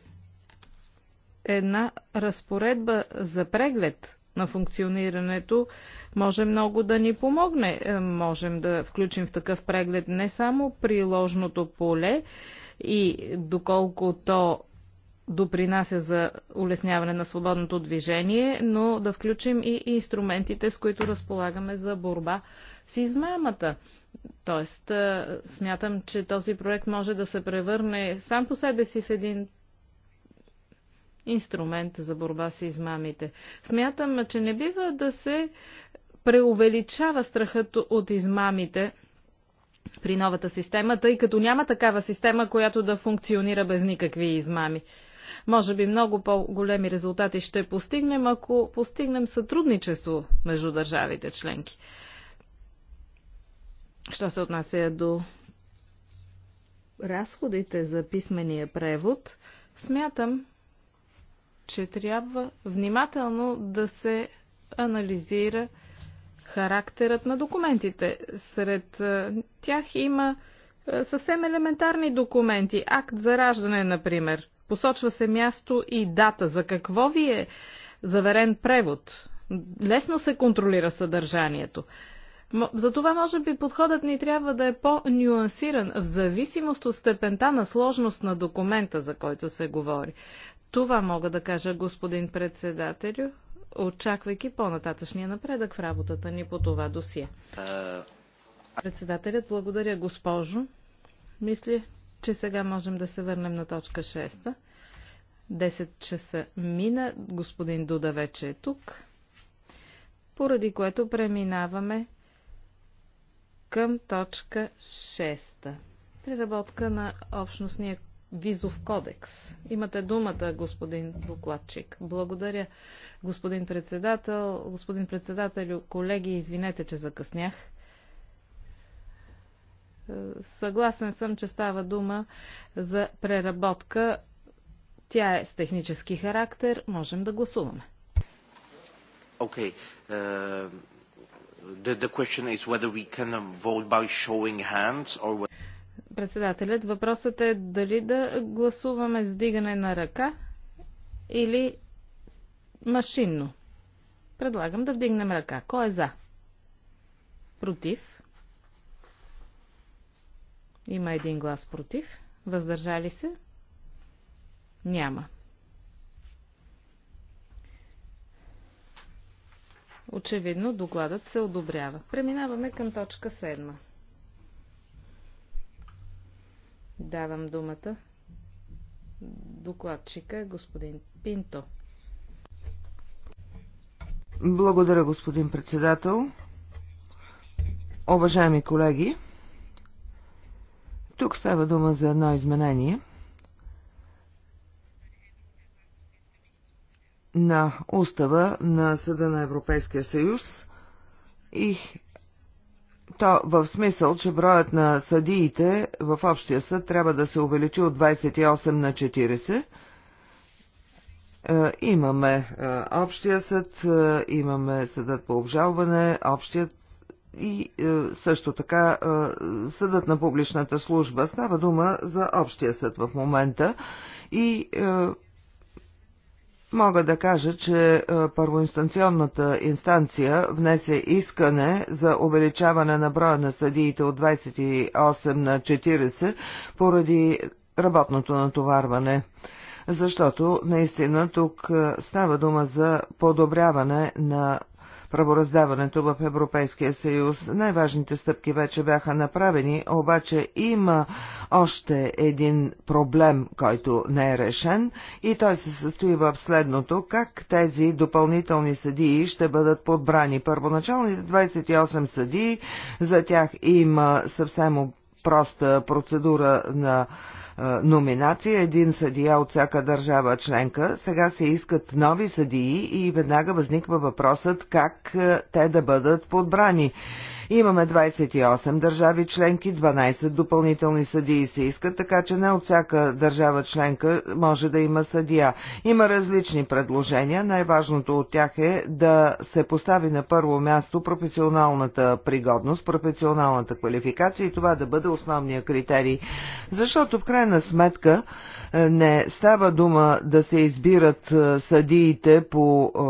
една разпоредба за преглед на функционирането може много да ни помогне. Е, можем да включим в такъв преглед не само приложното поле и доколко то допринася за улесняване на свободното движение, но да включим и инструментите, с които разполагаме за борба с измамата. Тоест, смятам, че този проект може да се превърне сам по себе си в един инструмент за борба с измамите. Смятам, че не бива да се преувеличава страхът от измамите при новата система, тъй като няма такава система, която да функционира без никакви измами. Може би много по-големи резултати ще постигнем, ако постигнем сътрудничество между държавите членки. Що се отнася до разходите за писмения превод, смятам, че трябва внимателно да се анализира характерът на документите. Сред тях има съвсем елементарни документи. Акт за раждане, например. Посочва се място и дата. За какво ви е заверен превод? Лесно се контролира съдържанието. За това може би, подходът ни трябва да е по-нюансиран в зависимост от степента на сложност на документа, за който се говори. Това мога да кажа, господин председателю, очаквайки по-нататъчния напредък в работата ни по това досие. Е, Председателят, благодаря, госпожо. Мисля, че сега можем да се върнем на точка 6. 10 часа мина, господин Дуда вече е тук, поради което преминаваме към точка 6. Преработка на общностния визов кодекс. Имате думата, господин докладчик. Благодаря, господин председател. Господин председател, колеги, извинете, че закъснях. Съгласен съм, че става дума за преработка. Тя е с технически характер. Можем да гласуваме. Okay. Uh, the, the question is whether we can vote by showing hands or what... Председателят, въпросът е дали да гласуваме с дигане на ръка или машинно. Предлагам да вдигнем ръка. Кой е за? Против? Има един глас против. Въздържали се? Няма. Очевидно докладът се одобрява. Преминаваме към точка 7. Давам думата. Докладчика е господин Пинто. Благодаря, господин председател. Уважаеми колеги, тук става дума за едно изменение на устава на Съда на Европейския съюз и то в смисъл, че броят на съдиите в общия съд трябва да се увеличи от 28 на 40. Е, имаме е, общия съд, е, имаме съдът по обжалване, общият и е, също така е, съдът на публичната служба. Става дума за общия съд в момента и е, Мога да кажа, че първоинстанционната инстанция внесе искане за увеличаване на броя на съдиите от 28 на 40 поради работното натоварване. Защото наистина тук става дума за подобряване на правораздаването в Европейския съюз. Най-важните стъпки вече бяха направени, обаче има още един проблем, който не е решен и той се състои в следното, как тези допълнителни съдии ще бъдат подбрани. Първоначалните 28 съдии, за тях има съвсем проста процедура на номинация, един съдия от всяка държава членка. Сега се искат нови съдии и веднага възниква въпросът как те да бъдат подбрани. Имаме 28 държави членки, 12 допълнителни съдии се искат, така че не от всяка държава членка може да има съдия. Има различни предложения. Най-важното от тях е да се постави на първо място професионалната пригодност, професионалната квалификация и това да бъде основния критерий. Защото в крайна сметка е, не става дума да се избират е, съдиите по е,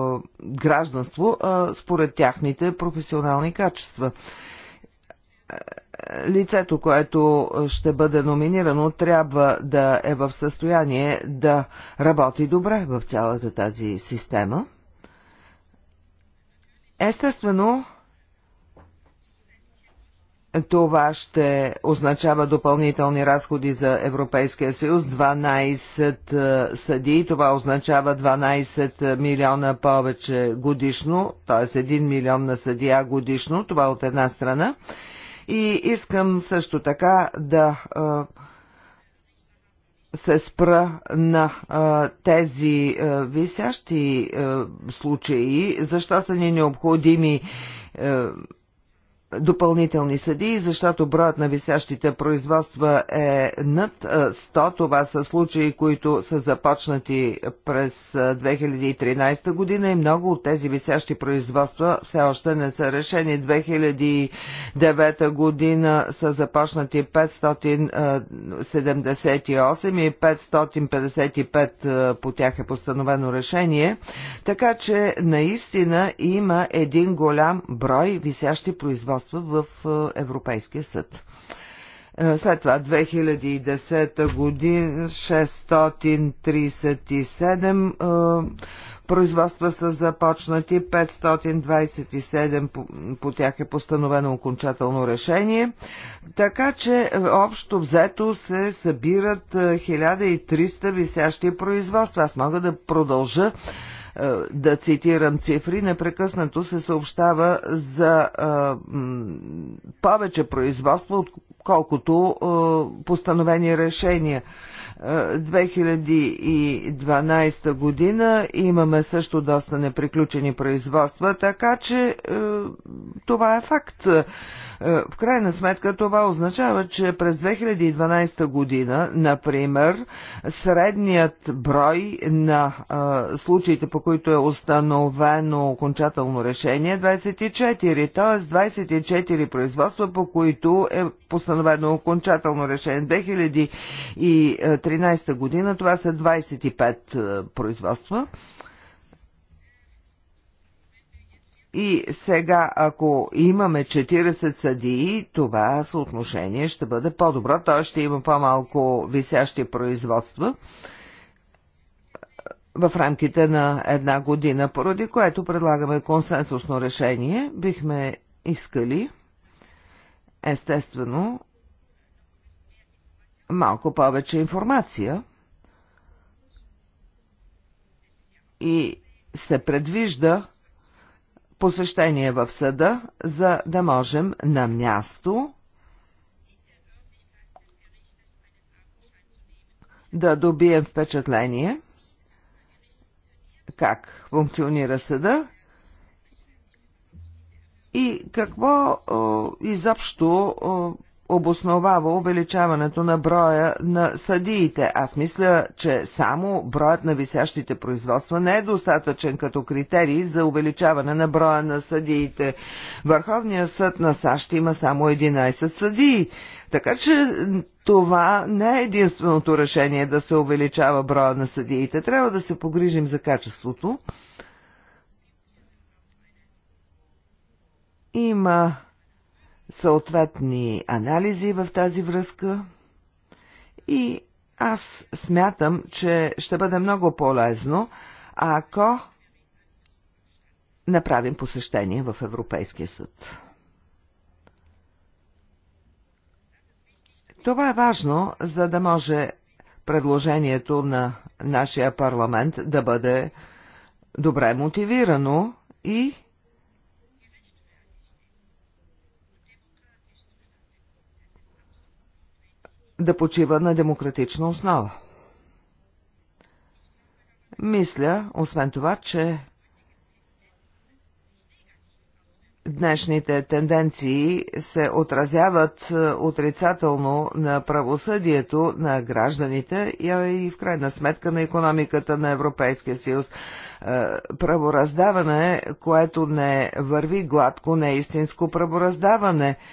гражданство, а според тяхните професионални качества лицето, което ще бъде номинирано, трябва да е в състояние да работи добре в цялата тази система. Естествено, това ще означава допълнителни разходи за Европейския съюз. 12 е, съдии, това означава 12 милиона повече годишно, т.е. 1 милион на съдия годишно, това от една страна. И искам също така да е, се спра на а, е, тези а, висящи а, случаи, защо са ни необходими а, допълнителни съдии, защото броят на висящите производства е над 100. Е, Това са случаи, които са започнати през 2013 е, година и много от тези висящи производства все още не са решени. 2009 година са започнати 578 е, и 555 по тях е постановено решение. Така че наистина има един голям брой висящи производства производства в Европейския съд. Е, след това 2010 година 637 е, производства са започнати, 527 по, по тях е постановено окончателно решение, така че е, общо взето се събират 1300 висящи производства. Аз мога да продължа е, да цитирам цифри, непрекъснато се съобщава за е, повече производство, отколкото е, постановени решения. 2012 година имаме също доста неприключени производства, така че това е факт. Е, в крайна сметка това означава, че през 2012 година, например, средният брой на е, случаите, по които е установено окончателно решение е 24, т.е. 24 производства, по които е постановено окончателно решение. 2013 година това са 25 е, производства. И сега, ако имаме 40 съдии, това съотношение ще бъде по-добро, т.е. ще има по-малко висящи производства в рамките на една година, поради което предлагаме консенсусно решение. Бихме искали, естествено, малко повече информация и се предвижда посещение в съда, за да можем на място да добием впечатление как функционира съда и какво изобщо обосновава увеличаването на броя на съдиите. Аз мисля, че само броят на висящите производства не е достатъчен като критерий за увеличаване на броя на съдиите. Върховният съд на САЩ има само 11 съдии. Така че това не е единственото решение да се увеличава броя на съдиите. Трябва да се погрижим за качеството. Има съответни анализи в тази връзка и аз смятам, че ще бъде много полезно, ако направим посещение в Европейския съд. Това е важно, за да може предложението на нашия парламент да бъде добре мотивирано и да почива на демократична основа. Мисля, освен това, че днешните тенденции се отразяват е, отрицателно на правосъдието на гражданите и в крайна сметка на економиката на Европейския съюз. Е, правораздаване, което не върви гладко, не е истинско правораздаване –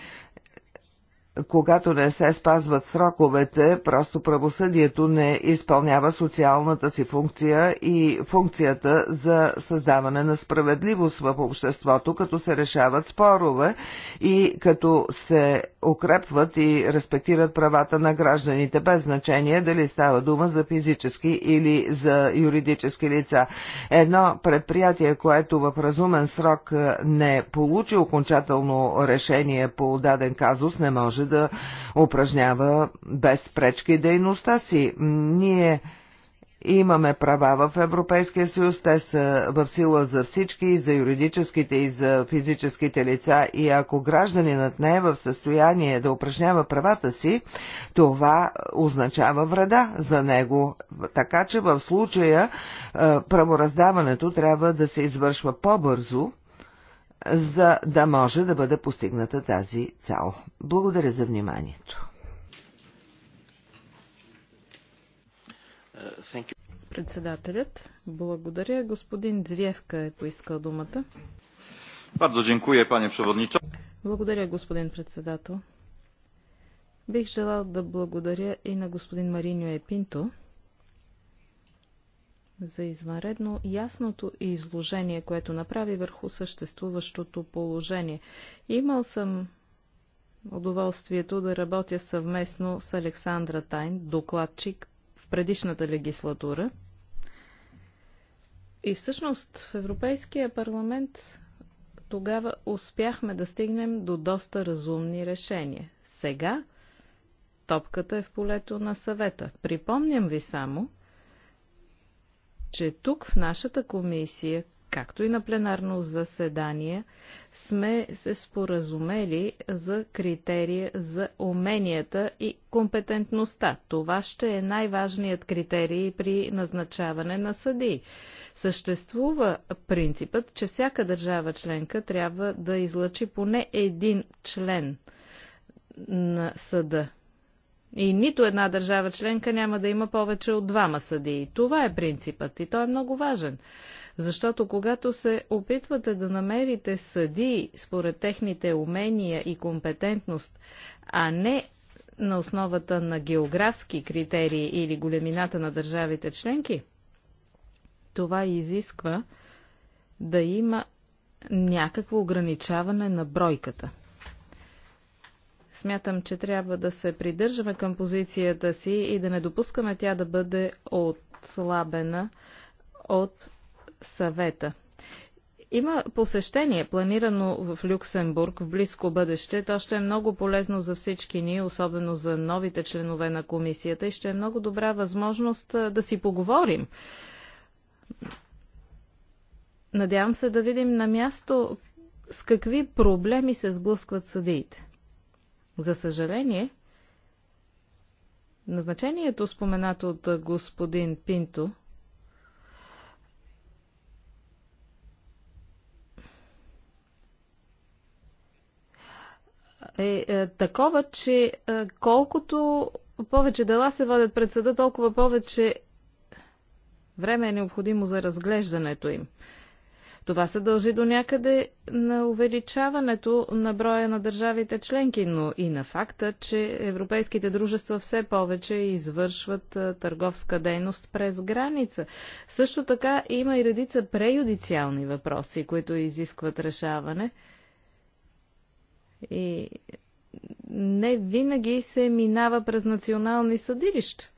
когато не се спазват сроковете, просто правосъдието не изпълнява социалната си функция и функцията за създаване на справедливост в обществото, като се решават спорове и като се укрепват и респектират правата на гражданите, без значение дали става дума за физически или за юридически лица. Едно предприятие, което в разумен срок е, не получи окончателно решение по даден казус, не може да упражнява без пречки дейността си. Ние имаме права в Европейския съюз, те са в сила за всички, и за юридическите и за физическите лица и ако гражданинът не е в състояние да упражнява правата си, това означава вреда за него. Така че в случая е, правораздаването трябва да се извършва по-бързо, за да може да бъде постигната тази цел. Благодаря за вниманието. Председателят, благодаря. Господин Дзвевка е поискал думата. Бардо dziękuję, пане przewodniczący. Благодаря, господин председател. Бих желал да благодаря и на господин Мариньо Епинто за извънредно ясното изложение, което направи върху съществуващото положение. Имал съм удоволствието да работя съвместно с Александра Тайн, докладчик предишната легислатура. И всъщност в Европейския парламент тогава успяхме да стигнем до доста разумни решения. Сега топката е в полето на съвета. Припомням ви само, че тук в нашата комисия както и на пленарно заседание, сме се споразумели за критерия за уменията и компетентността. Това ще е най-важният критерий при назначаване на съдии. Съществува принципът, че всяка държава членка трябва да излъчи поне един член на съда. И нито една държава членка няма да има повече от двама съдии. Това е принципът и той е много важен. Защото когато се опитвате да намерите съдии според техните умения и компетентност, а не на основата на географски критерии или големината на държавите членки, това изисква да има някакво ограничаване на бройката. Смятам, че трябва да се придържаме към позицията си и да не допускаме тя да бъде отслабена от съвета. Има посещение, планирано в Люксембург в близко бъдеще. То ще е много полезно за всички ни, особено за новите членове на комисията и ще е много добра възможност да си поговорим. Надявам се да видим на място с какви проблеми се сблъскват съдиите. За съжаление, назначението, споменато от господин Пинто, Е, е такова, че е, колкото повече дела се водят пред съда, толкова повече време е необходимо за разглеждането им. Това се дължи до някъде на увеличаването на броя на държавите членки, но и на факта, че европейските дружества все повече извършват е, търговска дейност през граница. Също така има и редица преюдициални въпроси, които изискват решаване. И не винаги се минава през национални съдилища.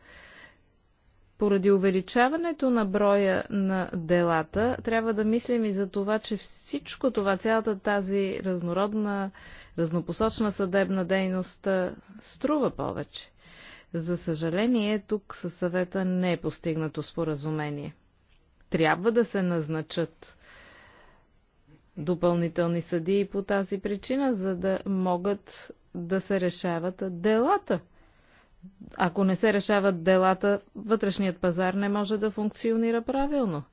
Поради увеличаването на броя на делата, трябва да мислим и за това, че всичко това, цялата тази разнородна, разнопосочна съдебна дейност струва повече. За съжаление, тук със съвета не е постигнато споразумение. Трябва да се назначат допълнителни съдии по тази причина, за да могат да се решават делата. Ако не се решават делата, вътрешният пазар не може да функционира правилно.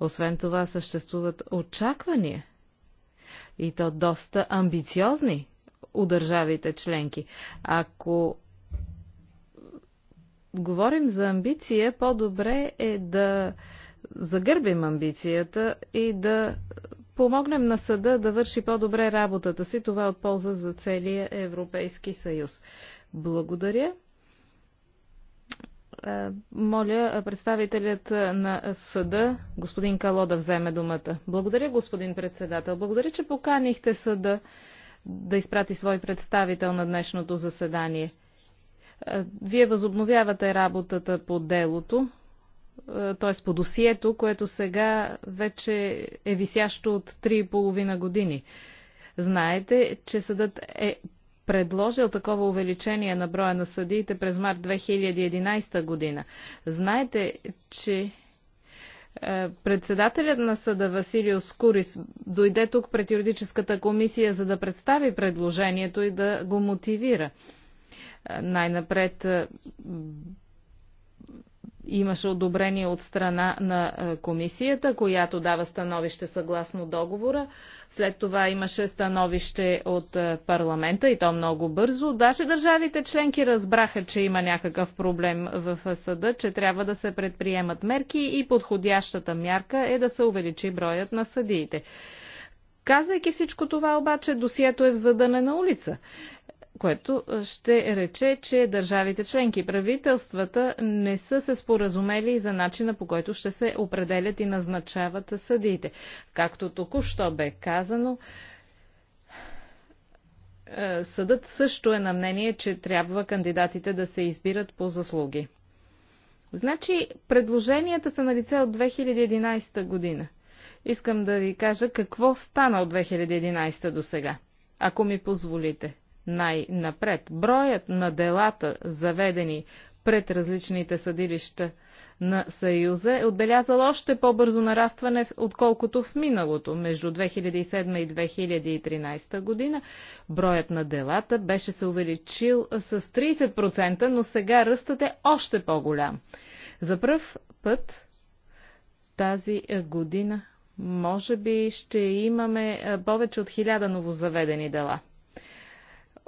Освен това съществуват очаквания, и то доста амбициозни у държавите членки. Ако говорим за амбиция, по-добре е да загърбим амбицията и да помогнем на съда да върши по-добре работата си. Това е от полза за целия Европейски съюз. Благодаря. Е, моля е, представителят е, на съда, господин Кало, да вземе думата. Благодаря, господин председател. Благодаря, че поканихте съда да изпрати свой представител на днешното заседание. Вие възобновявате работата по делото т.е. по досието, което сега вече е висящо от 3,5 години. Знаете, че съдът е предложил такова увеличение на броя на съдиите през март 2011 година. Знаете, че е, Председателят на съда Василио Скурис дойде тук пред юридическата комисия, за да представи предложението и да го мотивира. Е, най-напред е, Имаше одобрение от страна на е, комисията, която дава становище съгласно договора. След това имаше становище от е, парламента и то много бързо. Даже държавите членки разбраха, че има някакъв проблем в е, съда, че трябва да се предприемат мерки и подходящата мярка е да се увеличи броят на съдиите. Казвайки всичко това, обаче, досието е в задънена улица което ще рече, че държавите членки, и правителствата не са се споразумели за начина по който ще се определят и назначават съдиите. Както току-що бе казано, съдът също е на мнение, че трябва кандидатите да се избират по заслуги. Значи, предложенията са на лице от 2011 година. Искам да ви кажа какво стана от 2011 до сега, ако ми позволите най-напред. Броят на делата, заведени пред различните съдилища на Съюза, е отбелязал още по-бързо нарастване, отколкото в миналото. Между 2007 и 2013 година броят на делата беше се увеличил с 30%, но сега ръстът е още по-голям. За пръв път тази година може би ще имаме повече от 1000 новозаведени дела.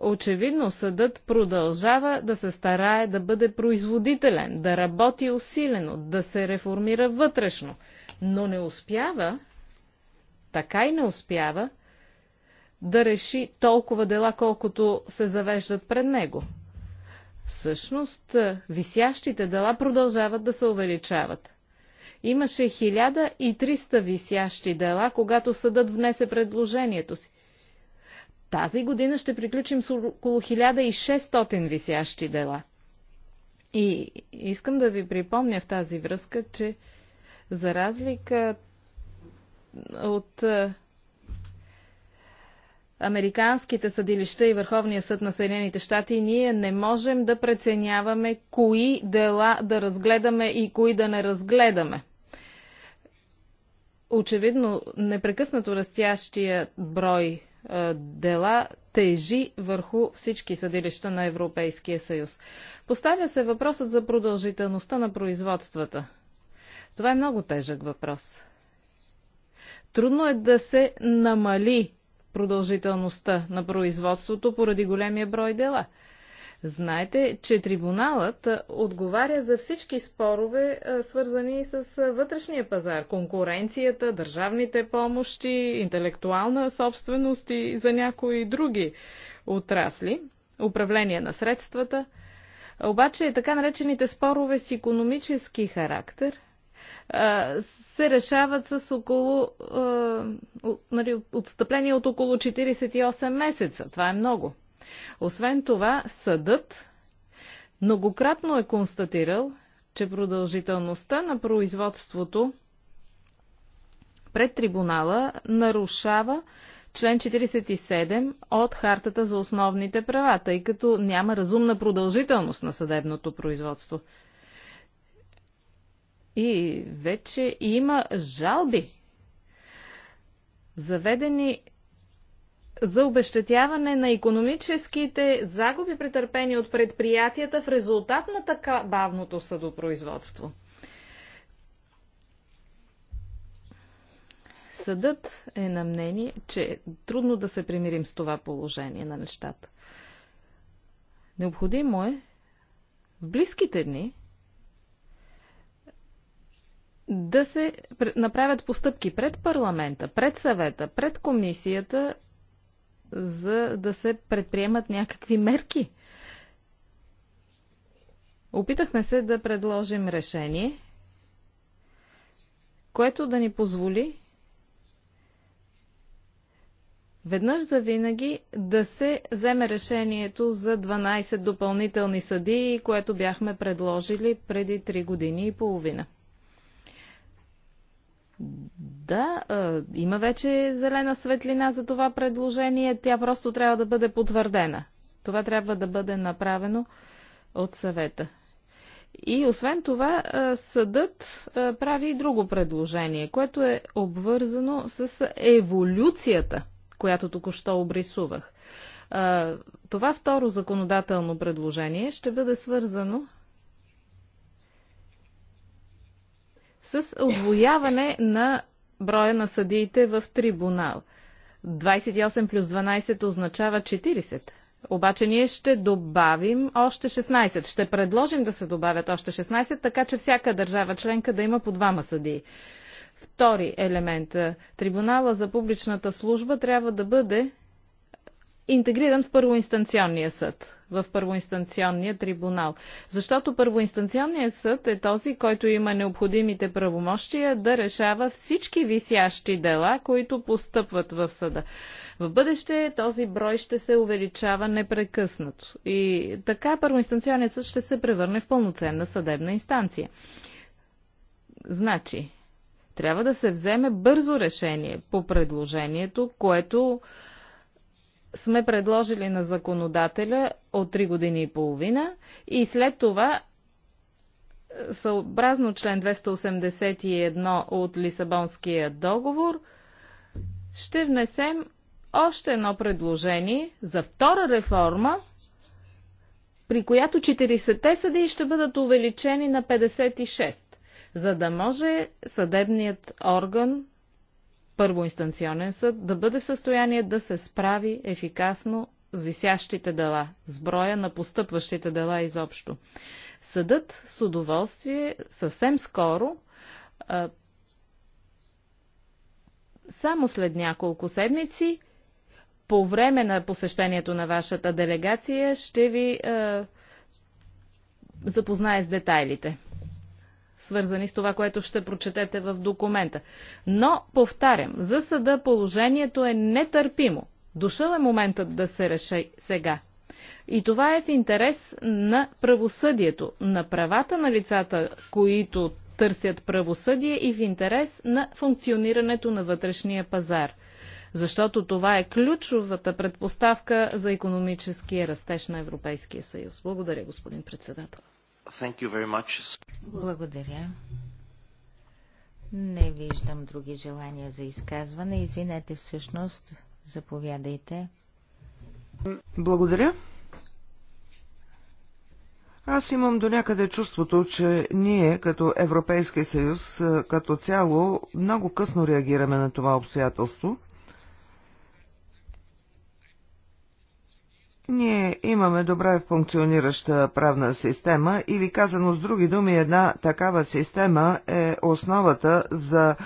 Очевидно съдът продължава да се старае да бъде производителен, да работи усилено, да се реформира вътрешно, но не успява, така и не успява, да реши толкова дела, колкото се завеждат пред него. Всъщност, е, висящите дела продължават да се увеличават. Имаше 1300 висящи дела, когато съдът внесе предложението си. Тази година ще приключим с около 1600 висящи дела. И искам да ви припомня в тази връзка, че за разлика от е, американските съдилища и Върховния съд на Съединените щати, ние не можем да преценяваме кои дела да разгледаме и кои да не разгледаме. Очевидно, непрекъснато растящия брой е, дела тежи върху всички съдилища на Европейския съюз. Поставя се въпросът за продължителността на производствата. Това е много тежък въпрос. Трудно е да се намали продължителността на производството поради големия брой дела – Знаете, че трибуналът отговаря за всички спорове, свързани с вътрешния пазар, конкуренцията, държавните помощи, интелектуална собственост и за някои други отрасли, управление на средствата. Обаче така наречените спорове с економически характер се решават с около нали, отстъпление от около 48 месеца. Това е много. Освен това, съдът многократно е констатирал, че продължителността на производството пред трибунала нарушава член 47 от Хартата за основните права, тъй като няма разумна продължителност на съдебното производство. И вече има жалби, заведени за обещатяване на економическите загуби, претърпени от предприятията в резултат на така бавното съдопроизводство. Съдът е на мнение, че е трудно да се примирим с това положение на нещата. Необходимо е в близките дни да се направят постъпки пред парламента, пред съвета, пред комисията за да се предприемат някакви мерки. Опитахме се да предложим решение, което да ни позволи веднъж за винаги да се вземе решението за 12 допълнителни съдии, което бяхме предложили преди 3 години и половина. Да, има вече зелена светлина за това предложение. Тя просто трябва да бъде потвърдена. Това трябва да бъде направено от съвета. И освен това, съдът прави и друго предложение, което е обвързано с еволюцията, която току-що обрисувах. Това второ законодателно предложение ще бъде свързано с отвояване на броя на съдиите в трибунал. 28 плюс 12 означава 40. Обаче ние ще добавим още 16. Ще предложим да се добавят още 16, така че всяка държава членка да има по двама съдии. Втори елемент. Трибунала за публичната служба трябва да бъде интегриран в първоинстанционния съд, в първоинстанционния трибунал. Защото първоинстанционният съд е този, който има необходимите правомощия да решава всички висящи дела, които постъпват в съда. В бъдеще този брой ще се увеличава непрекъснато. И така първоинстанционният съд ще се превърне в пълноценна съдебна инстанция. Значи, трябва да се вземе бързо решение по предложението, което сме предложили на законодателя от 3 години и половина и след това е, съобразно член 281 от Лисабонския договор ще внесем още едно предложение за втора реформа, при която 40-те съдии ще бъдат увеличени на 56, за да може съдебният орган първоинстанционен съд да бъде в състояние да се справи ефикасно с висящите дела, с броя на постъпващите дела изобщо. Съдът с удоволствие съвсем скоро само след няколко седмици, по време на посещението на вашата делегация, ще ви а, запознае с детайлите свързани с това, което ще прочетете в документа. Но, повтарям, за съда положението е нетърпимо. Дошъл е моментът да се реши сега. И това е в интерес на правосъдието, на правата на лицата, които търсят правосъдие и в интерес на функционирането на вътрешния пазар. Защото това е ключовата предпоставка за економическия растеж на Европейския съюз. Благодаря, господин председател. Thank you very much. Благодаря. Не виждам други желания за изказване. Извинете всъщност. Заповядайте. Благодаря. Аз имам до някъде чувството, че ние, като Европейски съюз, като цяло, много късно реагираме на това обстоятелство. Ние имаме добре функционираща правна система или казано с други думи една такава система е основата за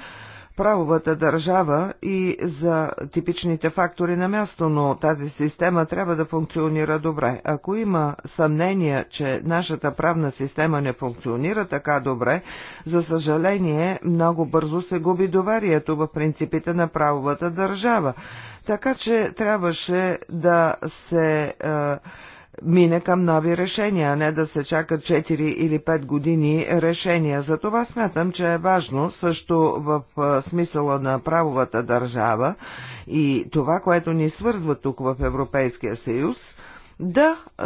правовата държава и за типичните фактори на място, но тази система трябва да функционира добре. Ако има съмнение, че нашата правна система не функционира така добре, за съжаление много бързо се губи доверието в принципите на правовата държава. Така че трябваше да се. Е, мине към нови решения, а не да се чака 4 или 5 години решения. За това смятам, че е важно също в смисъла на правовата държава и това, което ни свързва тук в Европейския съюз, да е,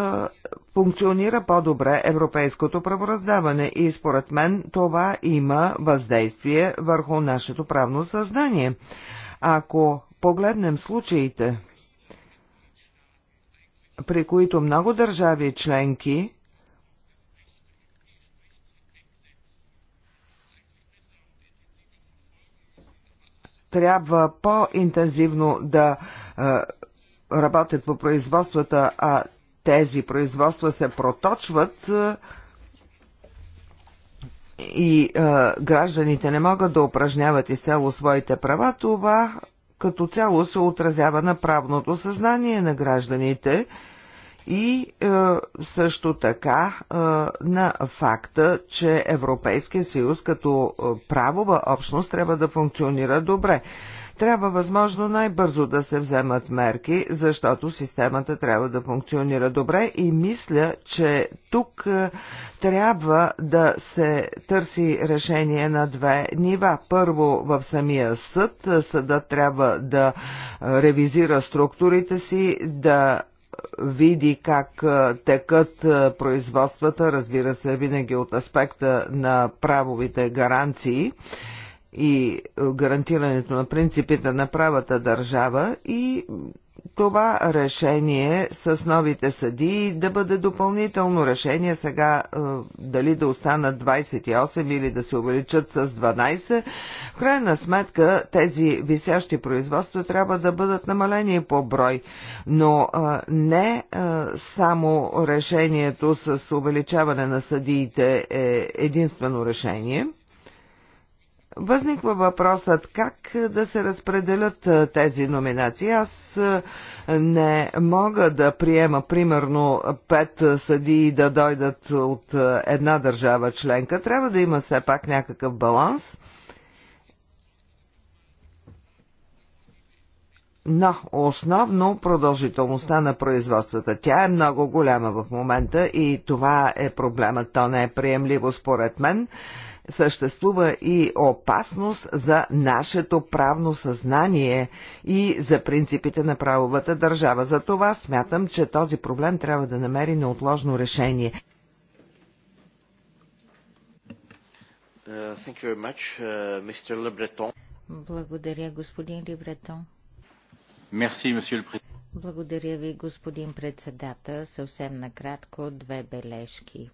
функционира по-добре европейското правораздаване и според мен това има въздействие върху нашето правно съзнание. Ако погледнем случаите, при които много държави членки трябва по-интензивно да работят по производствата, а тези производства се проточват и е, гражданите не могат да упражняват изцяло своите права, това като цяло се отразява на правното съзнание на гражданите и е, също така е, на факта, че Европейския съюз като е, правова общност трябва да функционира добре трябва възможно най-бързо да се вземат мерки, защото системата трябва да функционира добре и мисля, че тук е, трябва да се търси решение на две нива. Първо в самия съд, е, съдът трябва да е, ревизира структурите си, да види как текат производствата, разбира се, винаги от аспекта на правовите гаранции и гарантирането на принципите на правата държава и това решение с новите съдии да бъде допълнително решение сега е, дали да останат 28 или да се увеличат с 12. В крайна сметка тези висящи производства трябва да бъдат намалени по брой, но е, не е, само решението с увеличаване на съдиите е единствено решение – Възниква въпросът как да се разпределят тези номинации. Аз не мога да приема примерно пет съдии да дойдат от една държава членка. Трябва да има все пак някакъв баланс. но основно продължителността на производствата. Тя е много голяма в момента и това е проблемът. То не е приемливо според мен съществува и опасност за нашето правно съзнание и за принципите на правовата държава. За това смятам, че този проблем трябва да намери неотложно решение. Uh, uh, Благодаря, господин Либретон. Благодаря ви, господин председател. Съвсем накратко две бележки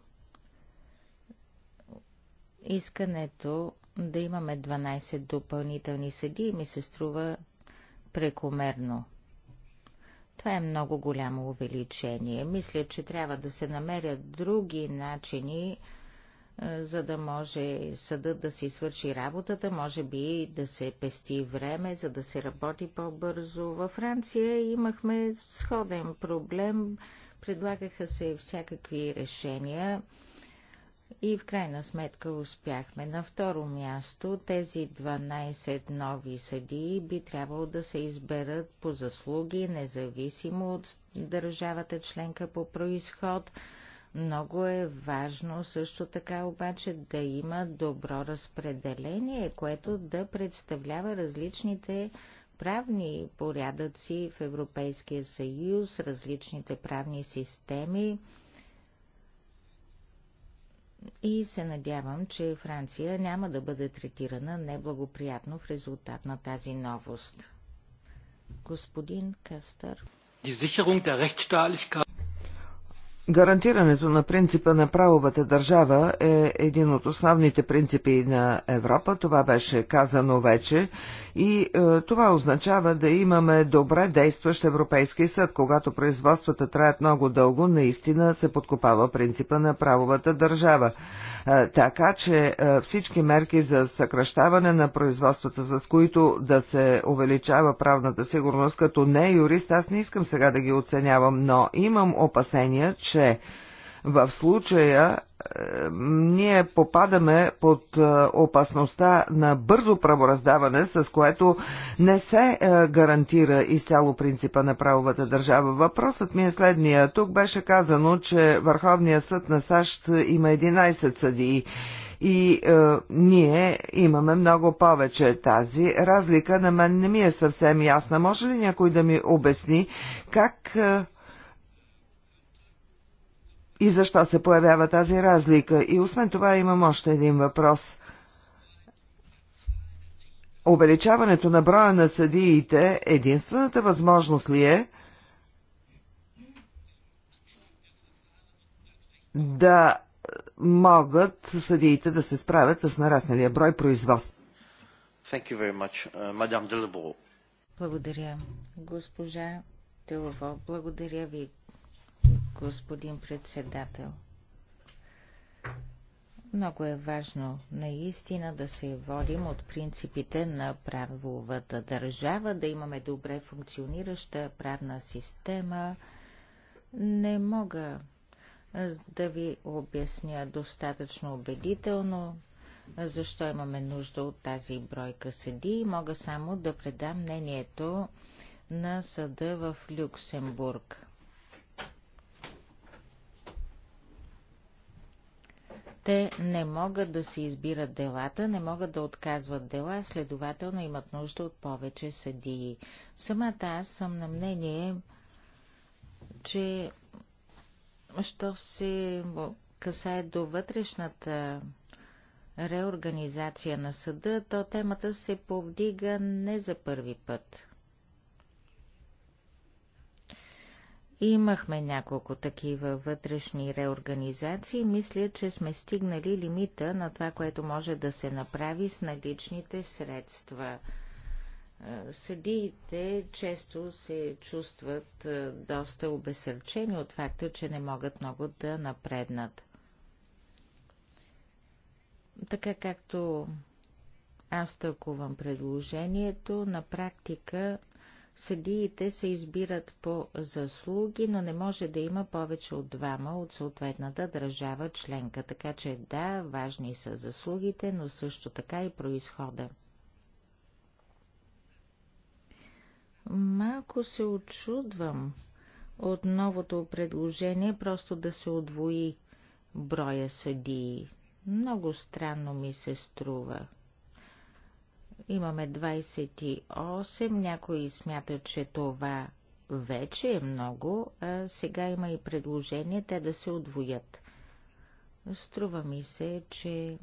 искането да имаме 12 допълнителни съди ми се струва прекомерно. Това е много голямо увеличение. Мисля, че трябва да се намерят други начини, е, за да може съдът да си свърши работата, може би да се пести време, за да се работи по-бързо. Във Франция имахме сходен проблем, предлагаха се всякакви решения и в крайна сметка успяхме. На второ място тези 12 нови съдии би трябвало да се изберат по заслуги, независимо от държавата членка по происход. Много е важно също така обаче да има добро разпределение, което да представлява различните правни порядъци в Европейския съюз, различните правни системи и се надявам, че Франция няма да бъде третирана неблагоприятно в резултат на тази новост. Господин Кастър. Гарантирането на принципа на правовата държава е един от основните принципи на Европа, това беше казано вече, и е, това означава да имаме добре действащ Европейски съд, когато производствата траят много дълго, наистина се подкопава принципа на правовата държава. Е, така че е, всички мерки за съкръщаване на производствата, с които да се увеличава правната сигурност, като не е юрист, аз не искам сега да ги оценявам, но имам опасения, че че в случая е, ние попадаме под е, опасността на бързо правораздаване, с което не се е, гарантира изцяло принципа на правовата държава. Въпросът ми е следния. Тук беше казано, че Върховният съд на САЩ има 11 съдии и е, ние имаме много повече тази разлика. На мен не ми е съвсем ясна. Може ли някой да ми обясни как е, и защо се появява тази разлика. И освен това имам още един въпрос. Увеличаването на броя на съдиите единствената възможност ли е да могат съдиите да се справят с нарасналия брой производства? Uh, Благодаря, госпожа Телово. Благодаря ви, господин председател. Много е важно наистина да се водим от принципите на правовата държава, да имаме добре функционираща правна система. Не мога да ви обясня достатъчно убедително, защо имаме нужда от тази бройка съди. Мога само да предам мнението на съда в Люксембург. Те не могат да си избират делата, не могат да отказват дела, следователно имат нужда от повече съдии. Самата аз съм на мнение, че що се касае до вътрешната реорганизация на съда, то темата се повдига не за първи път. Имахме няколко такива вътрешни реорганизации. Мисля, че сме стигнали лимита на това, което може да се направи с наличните средства. Е, съдиите често се чувстват е, доста обесърчени от факта, че не могат много да напреднат. Така както аз тълкувам предложението, на практика Съдиите се избират по заслуги, но не може да има повече от двама от съответната държава членка, така че да, важни са заслугите, но също така и происхода. Малко се очудвам от новото предложение просто да се отвои броя съдии. Много странно ми се струва. Имаме 28, някои смятат, че това вече е много, а сега има и предложение те да се отвоят. Струва ми се, че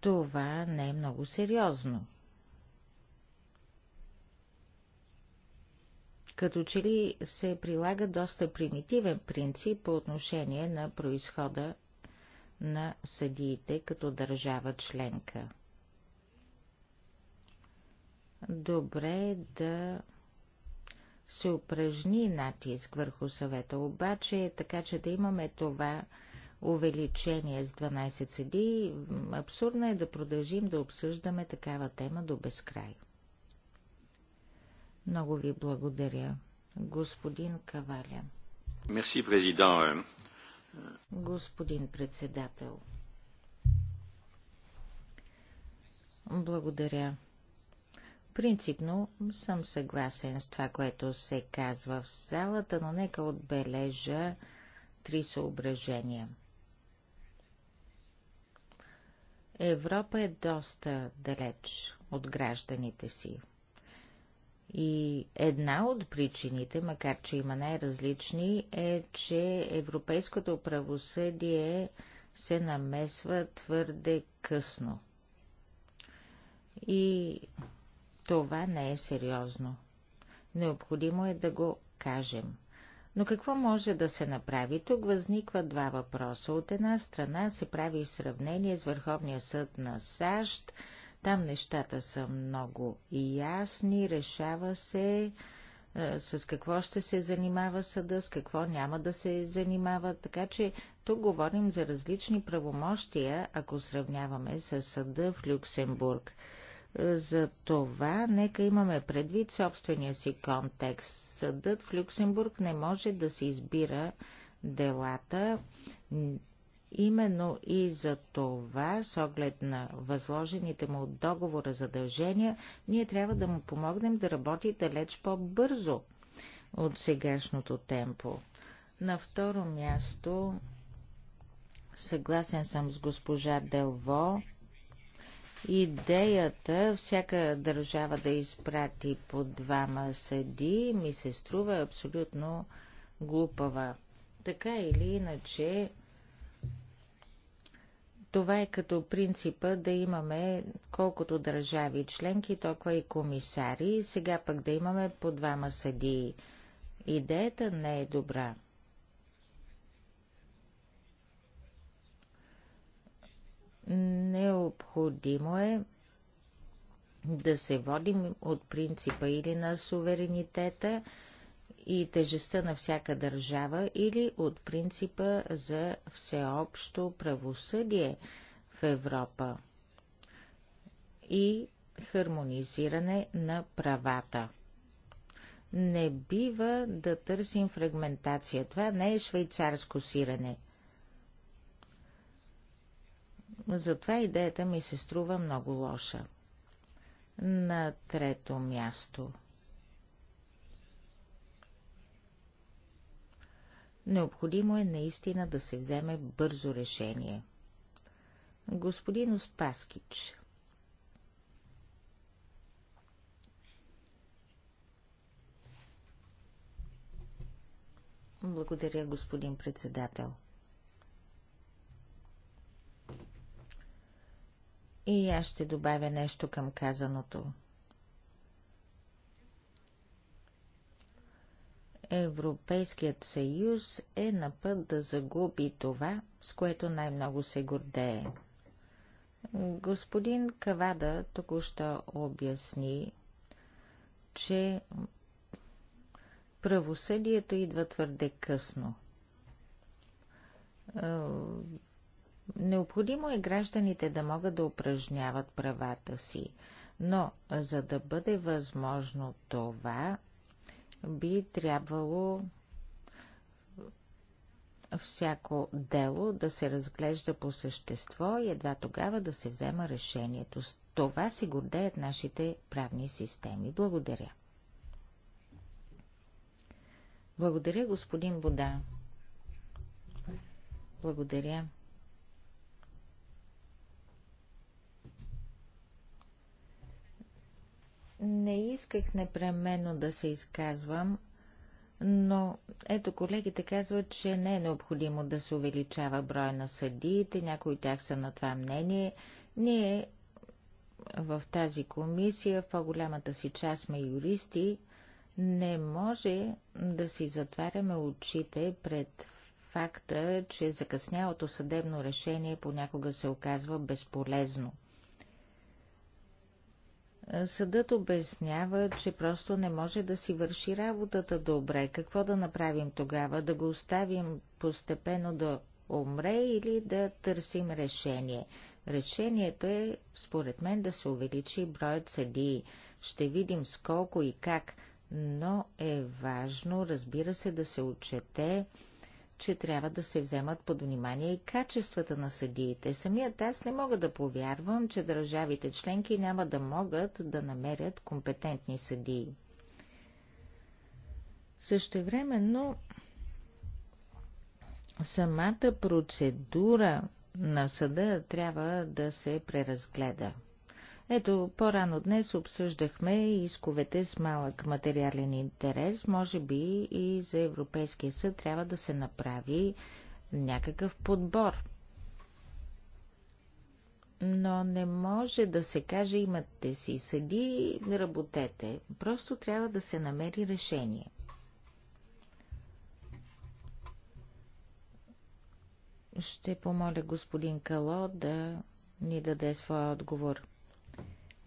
това не е много сериозно. Като че ли се прилага доста примитивен принцип по отношение на происхода на съдиите като държава членка добре да се упражни натиск върху съвета, обаче е така, че да имаме това увеличение с 12 седи, абсурдно е да продължим да обсъждаме такава тема до безкрай. Много ви благодаря. Господин Каваля. Мерси, президент. Господин председател. Благодаря. Принципно съм съгласен с това, което се казва в залата, но нека отбележа три съображения. Европа е доста далеч от гражданите си. И една от причините, макар че има най-различни, е, че европейското правосъдие се намесва твърде късно. И това не е сериозно. Необходимо е да го кажем. Но какво може да се направи? Тук възникват два въпроса. От една страна се прави сравнение с Върховния съд на САЩ. Там нещата са много ясни, решава се е, с какво ще се занимава съда, с какво няма да се занимава. Така че тук говорим за различни правомощия, ако сравняваме с съда в Люксембург. За това нека имаме предвид собствения си контекст. Съдът в Люксембург не може да се избира делата. Именно и за това, с оглед на възложените му от договора задължения, ние трябва да му помогнем да работи далеч по-бързо от сегашното темпо. На второ място, съгласен съм с госпожа Делво, Идеята всяка държава да изпрати по двама съди ми се струва абсолютно глупава. Така или иначе, това е като принципа да имаме колкото държави членки, толкова и комисари, сега пък да имаме по двама съдии. Идеята не е добра. Необходимо е да се водим от принципа или на суверенитета и тежестта на всяка държава, или от принципа за всеобщо правосъдие в Европа и хармонизиране на правата. Не бива да търсим фрагментация. Това не е швейцарско сирене. Затова идеята ми се струва много лоша. На трето място. Необходимо е наистина да се вземе бързо решение. Господин Успаскич. Благодаря, господин председател. И аз ще добавя нещо към казаното. Европейският съюз е на път да загуби това, с което най-много се гордее. Господин Кавада току-що обясни, че правосъдието идва твърде късно. Необходимо е гражданите да могат да упражняват правата си, но за да бъде възможно това, би трябвало всяко дело да се разглежда по същество и едва тогава да се взема решението. С това си гордеят нашите правни системи. Благодаря. Благодаря, господин Бода. Благодаря. Не исках непременно да се изказвам, но ето колегите казват, че не е необходимо да се увеличава броя на съдиите, някои от тях са на това мнение. Ние в тази комисия, в по-голямата си част сме юристи, не може да си затваряме очите пред факта, че закъснялото съдебно решение понякога се оказва безполезно – Съдът обяснява, че просто не може да си върши работата добре. Какво да направим тогава? Да го оставим постепенно да умре или да търсим решение? Решението е, според мен, да се увеличи броят съдии. Ще видим сколко и как, но е важно, разбира се, да се отчете че трябва да се вземат под внимание и качествата на съдиите. Самият аз не мога да повярвам, че държавите членки няма да могат да намерят компетентни съдии. Същевременно самата процедура на съда трябва да се преразгледа. Ето, по-рано днес обсъждахме исковете с малък материален интерес. Може би и за Европейския съд трябва да се направи някакъв подбор. Но не може да се каже имате си съди, работете. Просто трябва да се намери решение. Ще помоля господин Кало да ни даде своя отговор.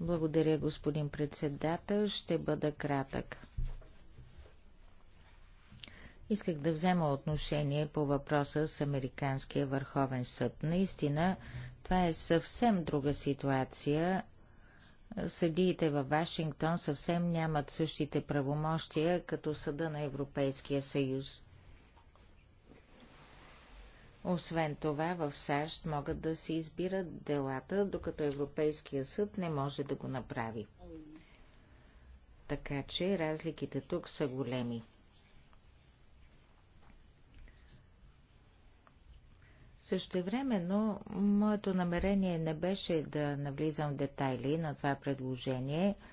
Благодаря, господин председател. Ще бъда кратък. Исках да взема отношение по въпроса с Американския върховен съд. Наистина, това е съвсем друга ситуация. Съдиите във Вашингтон съвсем нямат същите правомощия като съда на Европейския съюз. Освен това, в САЩ могат да се избират делата, докато Европейския съд не може да го направи. Така че разликите тук са големи. Същевременно, моето намерение не беше да навлизам в детайли на това предложение –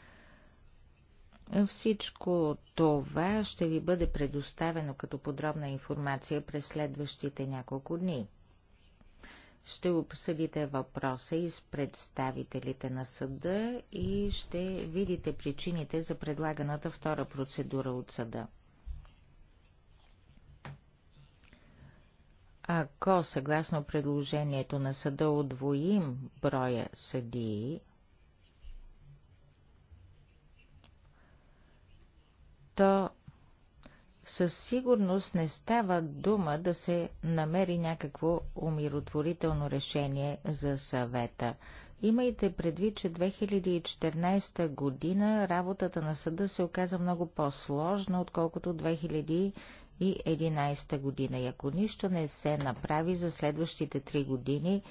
всичко това ще ви бъде предоставено като подробна информация през следващите няколко дни. Ще обсъдите въпроса и с представителите на съда и ще видите причините за предлаганата втора процедура от съда. Ако съгласно предложението на съда отвоим броя съдии, то със сигурност не става дума да се намери някакво умиротворително решение за съвета. Имайте предвид, че 2014 година работата на съда се оказа много по-сложна, отколкото 2011 година. И ако нищо не се направи за следващите три години,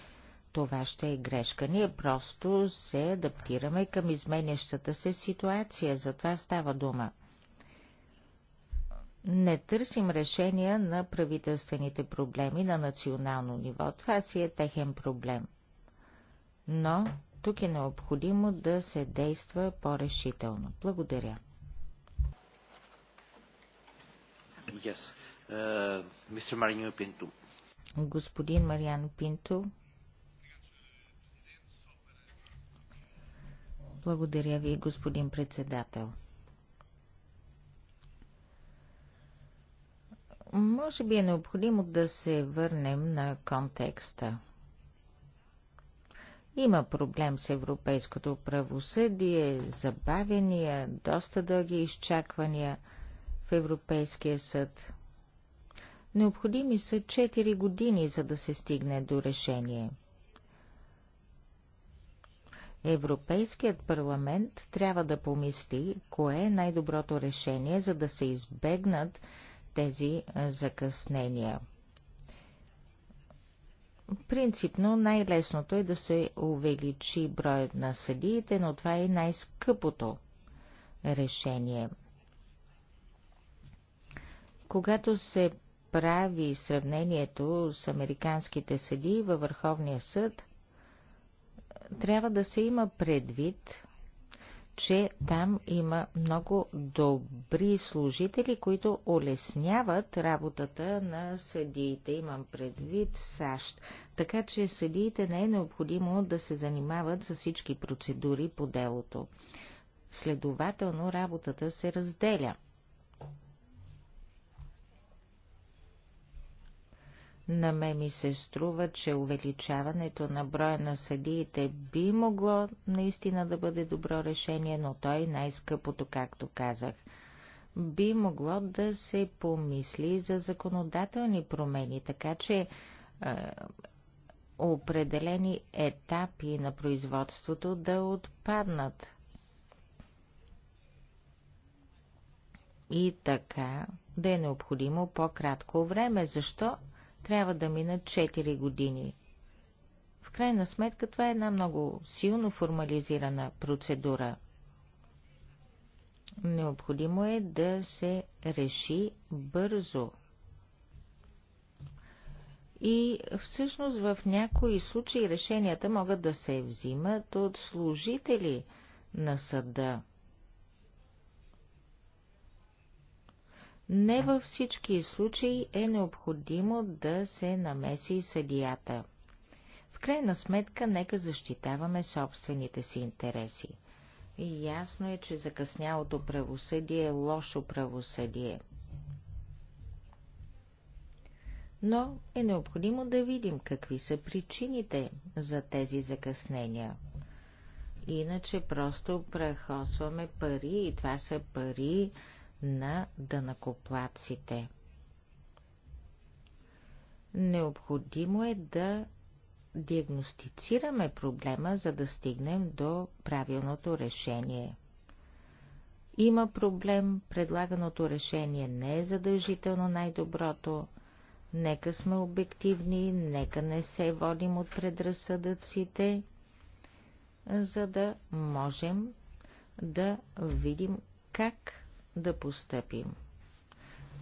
това ще е грешка. Ние просто се адаптираме към изменящата се ситуация. За това става дума не търсим решения на правителствените проблеми на национално ниво. Това си е техен проблем. Но тук е необходимо да се действа по-решително. Благодаря. Yes. Uh, Mr. Pinto. Господин Мариан Пинто. Благодаря ви, господин председател. Може би е необходимо да се върнем на контекста. Има проблем с европейското правосъдие, забавения, доста дълги изчаквания в Европейския съд. Необходими са 4 години, за да се стигне до решение. Европейският парламент трябва да помисли, кое е най-доброто решение, за да се избегнат тези закъснения. Принципно най-лесното е да се увеличи броят на съдиите, но това е най-скъпото решение. Когато се прави сравнението с американските съдии във Върховния съд, трябва да се има предвид, че там има много добри служители, които улесняват работата на съдиите. Имам предвид САЩ. Така че съдиите не е необходимо да се занимават с всички процедури по делото. Следователно работата се разделя – На ме ми се струва, че увеличаването на броя на съдиите би могло наистина да бъде добро решение, но той е най-скъпото, както казах. Би могло да се помисли за законодателни промени, така че е, определени етапи на производството да отпаднат. И така да е необходимо по-кратко време. Защо трябва да минат 4 години. В крайна сметка това е една много силно формализирана процедура. Необходимо е да се реши бързо. И всъщност в някои случаи решенията могат да се взимат от служители на съда – Не във всички случаи е необходимо да се намеси съдията. В крайна сметка, нека защитаваме собствените си интереси. И ясно е, че закъснялото правосъдие е лошо правосъдие. Но е необходимо да видим какви са причините за тези закъснения. Иначе просто прехосваме пари и това са пари, на дънакоплаците. Необходимо е да диагностицираме проблема, за да стигнем до правилното решение. Има проблем, предлаганото решение не е задължително най-доброто. Нека сме обективни, нека не се водим от предразсъдъците, за да можем да видим как да постъпим.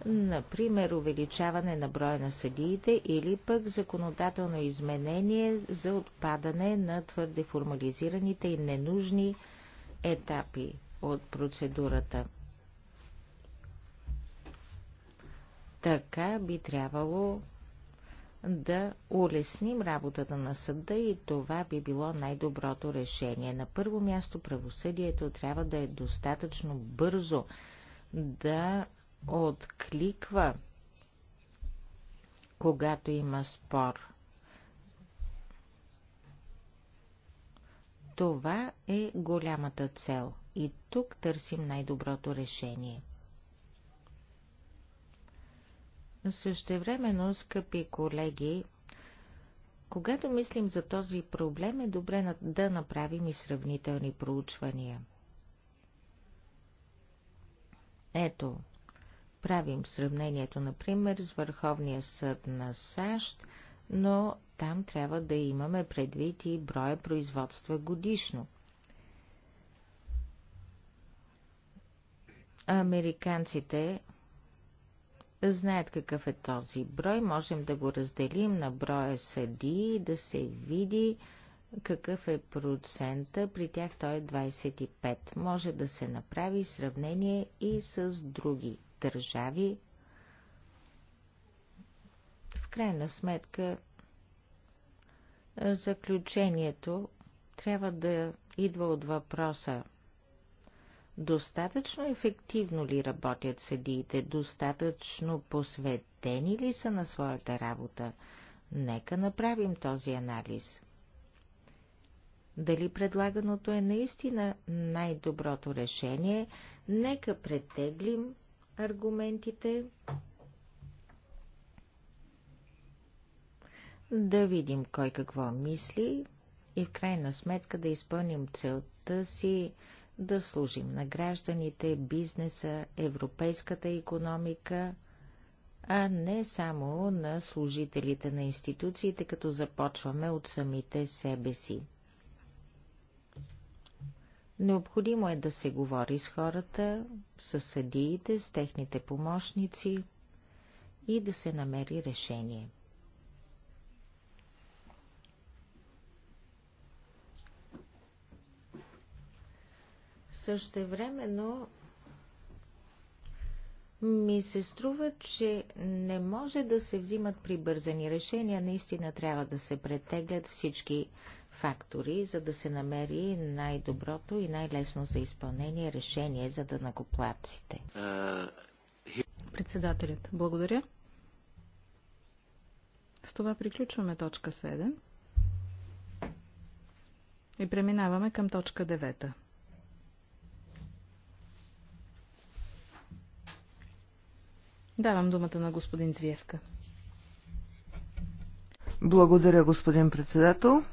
Например, увеличаване на броя на съдиите или пък законодателно изменение за отпадане на твърде формализираните и ненужни етапи от процедурата. Така би трябвало да улесним работата на съда и това би било най-доброто решение. На първо място правосъдието трябва да е достатъчно бързо, да откликва, когато има спор. Това е голямата цел и тук търсим най-доброто решение. Същевременно, скъпи колеги, когато мислим за този проблем, е добре да направим и сравнителни проучвания – ето, правим сравнението, например, с Върховния съд на САЩ, но там трябва да имаме предвид и броя производства годишно. Американците знаят какъв е този брой, можем да го разделим на броя съди да се види какъв е процента, при тях той е 25. Може да се направи сравнение и с други държави. В крайна сметка, заключението трябва да идва от въпроса Достатъчно ефективно ли работят съдиите? Достатъчно посветени ли са на своята работа? Нека направим този анализ дали предлаганото е наистина най-доброто решение, нека претеглим аргументите, да видим кой какво мисли и в крайна сметка да изпълним целта си да служим на гражданите, бизнеса, европейската економика, а не само на служителите на институциите, като започваме от самите себе си. Необходимо е да се говори с хората, с съдиите, с техните помощници и да се намери решение. Същевременно ми се струва, че не може да се взимат прибързани решения, наистина трябва да се претеглят всички фактори, за да се намери най-доброто и най-лесно за изпълнение решение за дънакоплаците. Председателят, благодаря. С това приключваме точка 7 и преминаваме към точка 9. Давам думата на господин Звиевка. Благодаря, господин председател.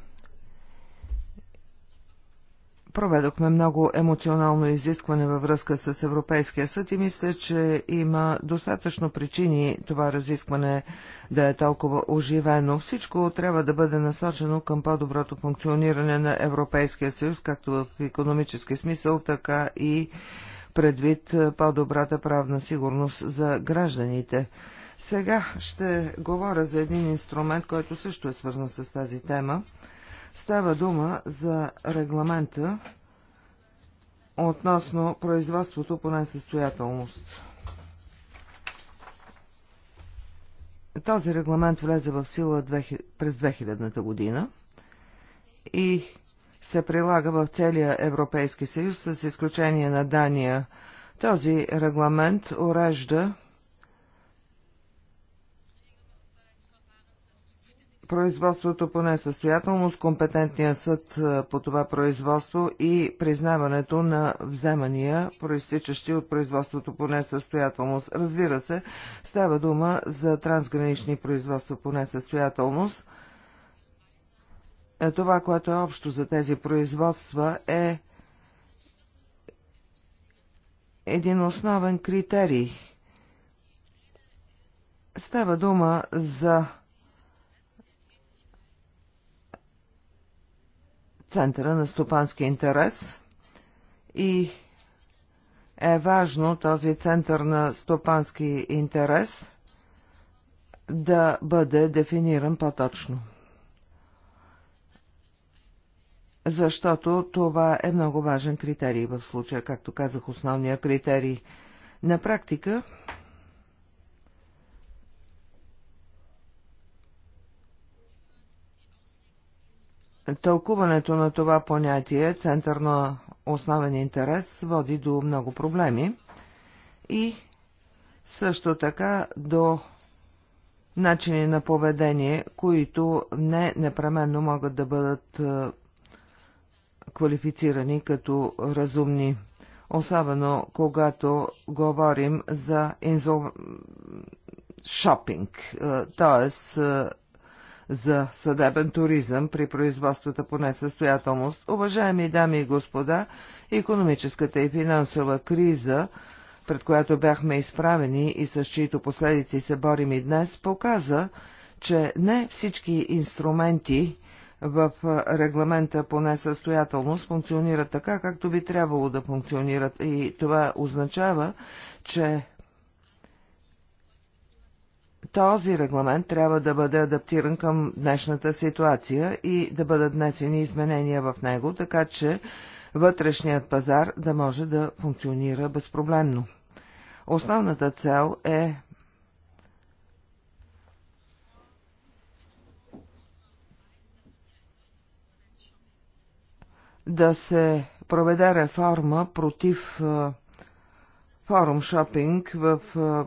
Проведохме много емоционално изискване във връзка с Европейския съд и мисля, че има достатъчно причини това разискване да е толкова оживено. Всичко трябва да бъде насочено към по-доброто функциониране на Европейския съюз, както в економически смисъл, така и предвид по-добрата правна сигурност за гражданите. Сега ще говоря за един инструмент, който също е свързан с тази тема. Става дума за регламента относно производството по несъстоятелност. Този регламент влезе в сила през 2000-та година и се прилага в целия Европейски съюз, с изключение на Дания. Този регламент урежда производството по несъстоятелност, компетентния съд по това производство и признаването на вземания, проистичащи от производството по несъстоятелност. Разбира се, става дума за трансгранични производства по несъстоятелност. Е, това, което е общо за тези производства е един основен критерий. Става дума за центъра на стопански интерес и е важно този център на стопански интерес да бъде дефиниран по-точно. Защото това е много важен критерий в случая, както казах, основния критерий. На практика тълкуването на това понятие център на основен интерес води до много проблеми и също така до начини на поведение, които не непременно могат да бъдат е, квалифицирани като разумни, особено когато говорим за инзо... шопинг, т.е за съдебен туризъм при производствата по несъстоятелност. Уважаеми дами и господа, економическата и финансова криза, пред която бяхме изправени и с чието последици се борим и днес, показа, че не всички инструменти в регламента по несъстоятелност функционират така, както би трябвало да функционират. И това означава, че този регламент трябва да бъде адаптиран към днешната ситуация и да бъдат внесени изменения в него, така че вътрешният пазар да може да функционира безпроблемно. Основната цел е да се проведе реформа против форум шопинг в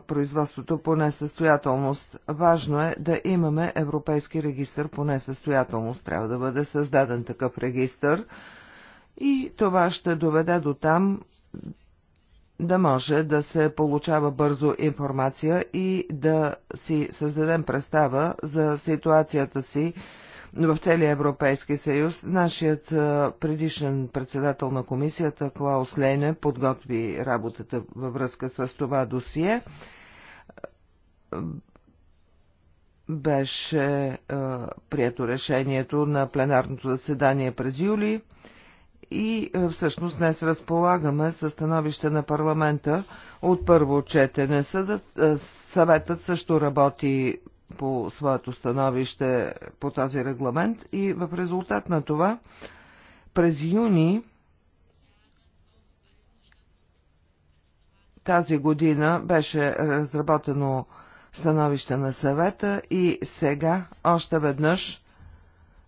производството по несъстоятелност. Важно е да имаме европейски регистр по несъстоятелност. Трябва да бъде създаден такъв регистр и това ще доведе до там да може да се получава бързо информация и да си създадем представа за ситуацията си в целия Европейски съюз. Нашият предишен председател на комисията Клаус Лейне подготви работата във връзка с това досие. Беше прието решението на пленарното заседание през юли и всъщност днес разполагаме със становище на парламента от първо четене. съветът също работи по своето становище по този регламент и в резултат на това през юни тази година беше разработено становище на съвета и сега още веднъж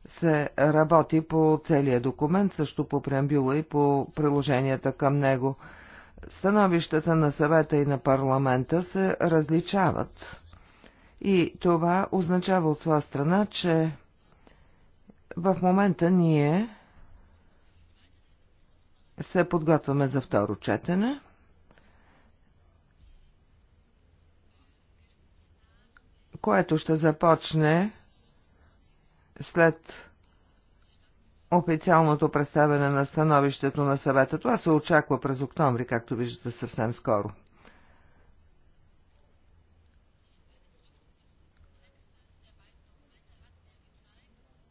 се работи по целия документ, също по преамбюла и по приложенията към него. Становищата на съвета и на парламента се различават. И това означава от своя страна, че в момента ние се подготвяме за второ четене. което ще започне след официалното представяне на становището на съвета. Това се очаква през октомври, както виждате съвсем скоро.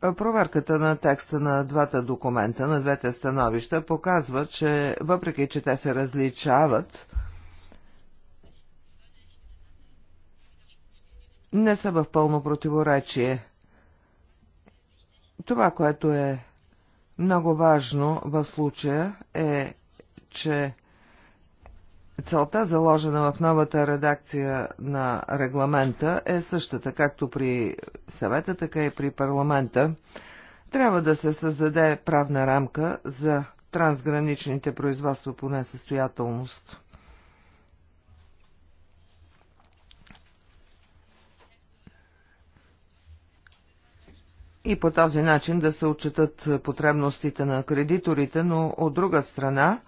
Проверката на текста на двата документа, на двете становища, показва, че въпреки, че те се различават, не са в пълно противоречие. Това, което е много важно в случая е, че Целта, заложена в новата редакция на регламента, е същата, както при съвета, така и при парламента. Трябва да се създаде правна рамка за трансграничните производства по несъстоятелност. И по този начин да се отчитат потребностите на кредиторите, но от друга страна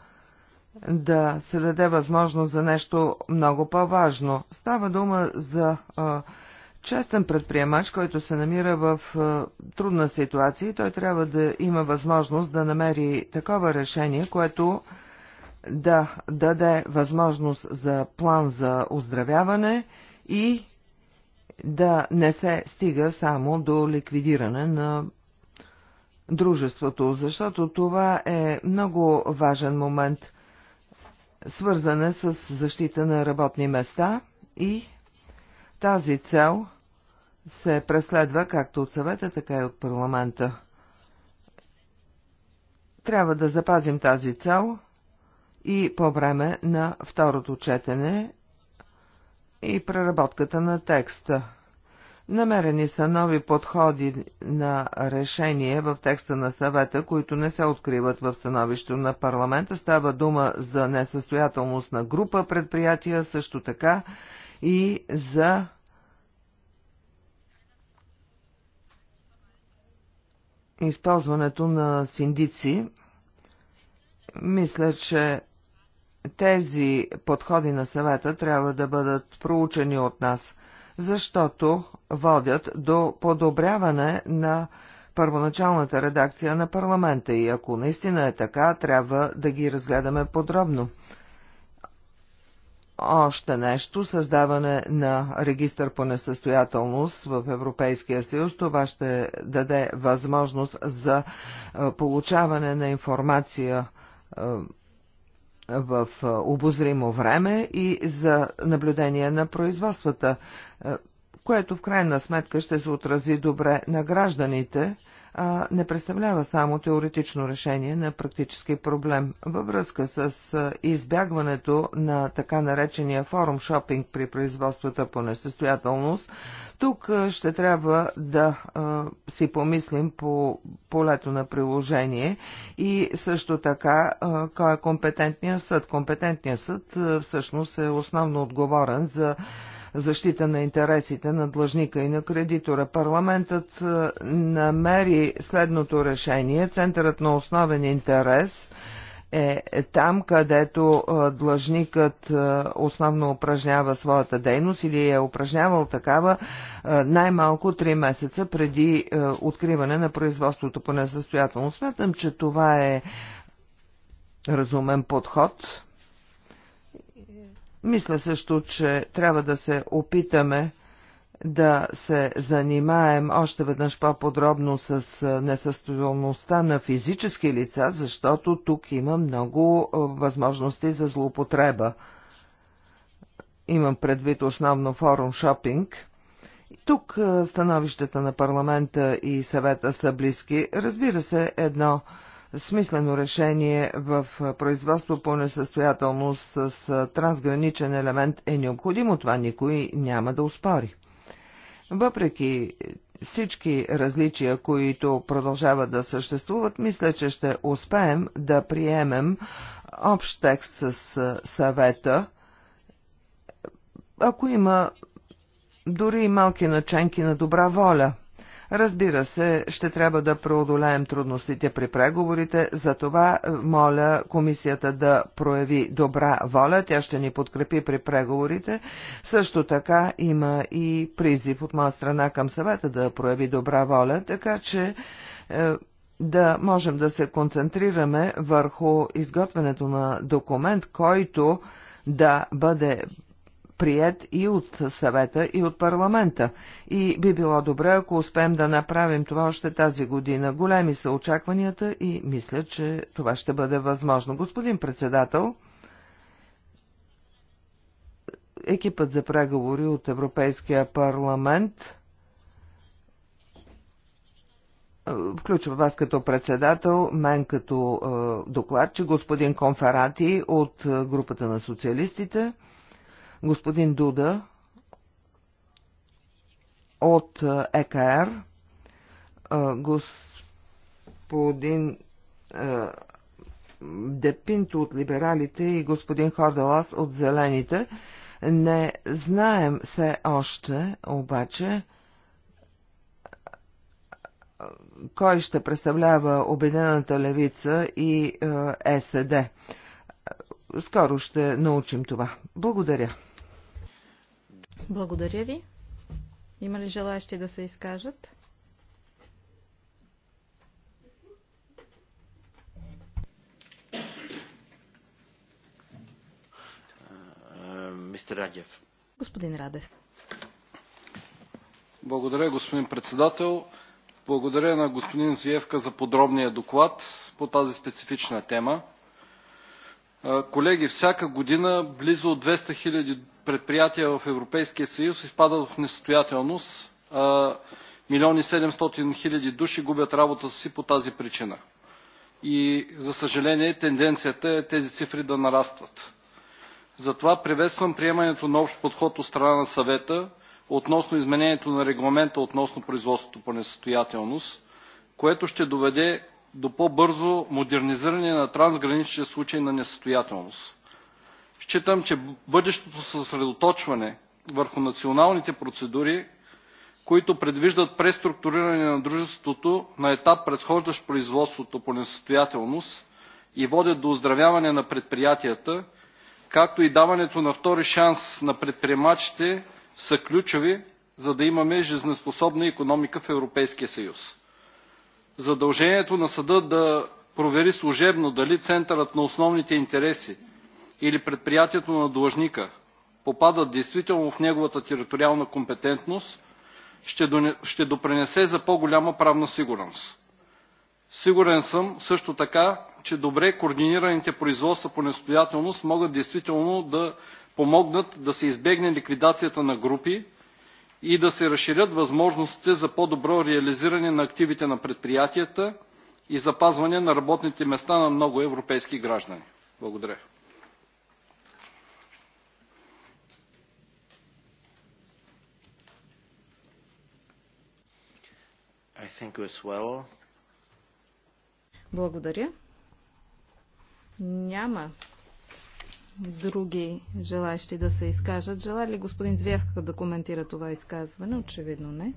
да се даде възможност за нещо много по-важно. Става дума за а, честен предприемач, който се намира в а, трудна ситуация и той трябва да има възможност да намери такова решение, което да даде възможност за план за оздравяване и да не се стига само до ликвидиране на дружеството, защото това е много важен момент – свързане с защита на работни места и тази цел се преследва както от съвета, така и от парламента. Трябва да запазим тази цел и по време на второто четене и преработката на текста. Намерени са нови подходи на решение в текста на съвета, които не се откриват в становището на парламента. Става дума за несъстоятелност на група предприятия, също така и за използването на синдици. Мисля, че тези подходи на съвета трябва да бъдат проучени от нас – защото водят до подобряване на първоначалната редакция на парламента и ако наистина е така, трябва да ги разгледаме подробно. Още нещо, създаване на регистър по несъстоятелност в Европейския съюз, това ще даде възможност за е, получаване на информация е, в обозримо време и за наблюдение на производствата, което в крайна сметка ще се отрази добре на гражданите, а не представлява само теоретично решение на практически проблем. Във връзка с избягването на така наречения форум шопинг при производствата по несъстоятелност, тук ще трябва да а, си помислим по полето на приложение и също така а, кой е компетентният съд. Компетентният съд а, всъщност е основно отговорен за защита на интересите на длъжника и на кредитора. Парламентът е, намери следното решение. Центърът на основен интерес е там, където е, длъжникът е, основно упражнява своята дейност или е упражнявал такава най-малко 3 месеца преди откриване на производството по несъстоятелност. Смятам, че това е разумен подход. Мисля също, че трябва да се опитаме да се занимаем още веднъж по-подробно с несъстоятелността на физически лица, защото тук има много възможности за злоупотреба. Имам предвид основно форум шопинг. Тук становищата на парламента и съвета са близки. Разбира се, едно смислено решение в производство по несъстоятелност с трансграничен елемент е необходимо. Това никой няма да успори. Въпреки всички различия, които продължават да съществуват, мисля, че ще успеем да приемем общ текст с съвета, ако има дори и малки наченки на добра воля. Разбира се, ще трябва да преодолеем трудностите при преговорите, затова е, моля комисията да прояви добра воля, тя ще ни подкрепи при преговорите. Също така има и призив от моя страна към съвета да прояви добра воля, така че е, да можем да се концентрираме върху изготвянето на документ, който да бъде прият и от съвета, и от парламента. И би било добре, ако успеем да направим това още тази година. Големи са очакванията и мисля, че това ще бъде възможно. Господин председател, екипът за преговори от Европейския парламент е, включва вас като председател, мен като е, докладчик, господин Конферати от е, групата на социалистите – господин Дуда от е, ЕКР, е, господин е, Депинто от либералите и господин Хорделас от зелените. Не знаем все още, обаче, кой ще представлява Обединената левица и ЕСД. Скоро ще научим това. Благодаря. Благодаря ви. Има ли желаящи да се изкажат? Мистер Радев. Господин Радев. Благодаря, господин председател. Благодаря на господин Звиевка за подробния доклад по тази специфична тема. Колеги, всяка година близо 200 хиляди предприятия в Европейския съюз изпадат в несъстоятелност. Милиони 700 000 души губят работата си по тази причина. И, за съжаление, тенденцията е тези цифри да нарастват. Затова приветствам приемането на общ подход от страна на съвета относно изменението на регламента относно производството по несъстоятелност, което ще доведе до по-бързо модернизиране на трансграничните случаи на несъстоятелност. Считам, че бъдещото съсредоточване върху националните процедури, които предвиждат преструктуриране на дружеството на етап, предхождащ производството по несъстоятелност и водят до оздравяване на предприятията, както и даването на втори шанс на предприемачите, са ключови, за да имаме жизнеспособна економика в Европейския съюз задължението на съда да провери служебно дали центърът на основните интереси или предприятието на длъжника попадат действително в неговата териториална компетентност, ще допринесе за по-голяма правна сигурност. Сигурен съм също така, че добре координираните производства по нестоятелност могат действително да помогнат да се избегне ликвидацията на групи, и да се разширят възможностите за по-добро реализиране на активите на предприятията и запазване на работните места на много европейски граждани. Благодаря. Well. Благодаря. Няма други желаящи да се изкажат. Желая ли господин Звявка да коментира това изказване? Очевидно не.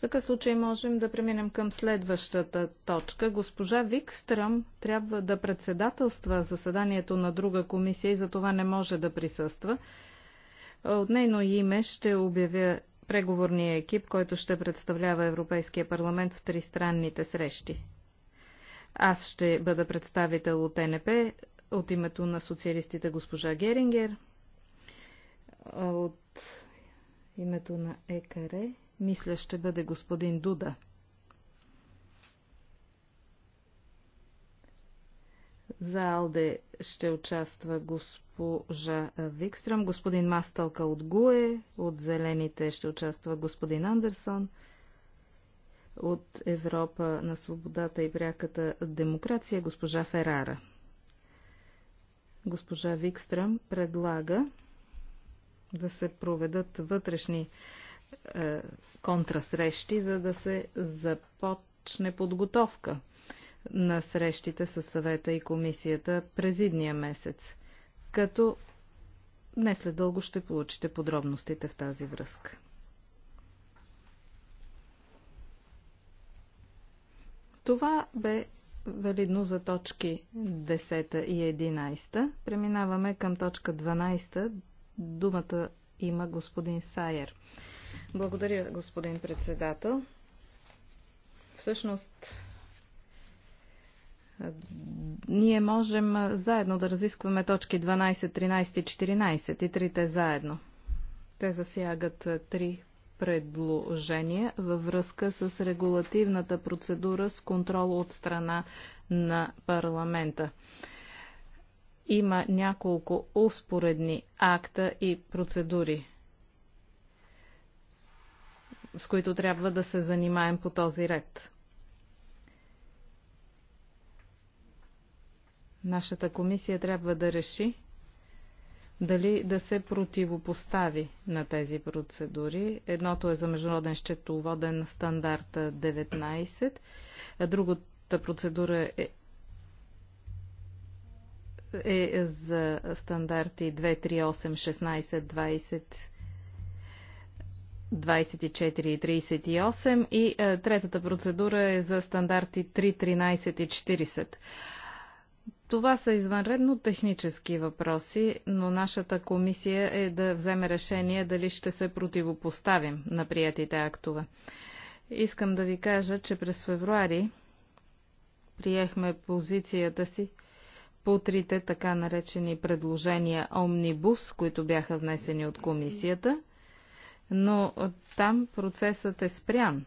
такъв случай можем да преминем към следващата точка. Госпожа Викстръм трябва да председателства заседанието на друга комисия и за това не може да присъства. От нейно име ще обявя преговорния екип, който ще представлява Европейския парламент в тристранните срещи. Аз ще бъда представител от НП, от името на социалистите госпожа Герингер, от името на ЕКР мисля, ще бъде господин Дуда. За Алде ще участва госпожа Викстрам, господин Масталка от ГУЕ, от Зелените ще участва господин Андерсон, от Европа на свободата и пряката демокрация госпожа Ферара. Госпожа Викстрам предлага да се проведат вътрешни е, контрасрещи, за да се започне подготовка на срещите с съвета и комисията през идния месец, като не след дълго ще получите подробностите в тази връзка. Това бе валидно за точки 10 и 11. Преминаваме към точка 12. Думата има господин Сайер. Благодаря, господин председател. Всъщност, ние можем заедно да разискваме точки 12, 13 и 14 и трите заедно. Те засягат три предложения във връзка с регулативната процедура с контрол от страна на парламента. Има няколко успоредни акта и процедури с които трябва да се занимаем по този ред. Нашата комисия трябва да реши дали да се противопостави на тези процедури. Едното е за Международен счетоводен стандарт 19, а другата процедура е е за стандарти 238, 16, 20 24.38 и е, третата процедура е за стандарти 3.13.40. и 40. Това са извънредно технически въпроси, но нашата комисия е да вземе решение дали ще се противопоставим на приятите актове. Искам да ви кажа, че през февруари приехме позицията си по трите така наречени предложения Омнибус, които бяха внесени от комисията – но там процесът е спрян.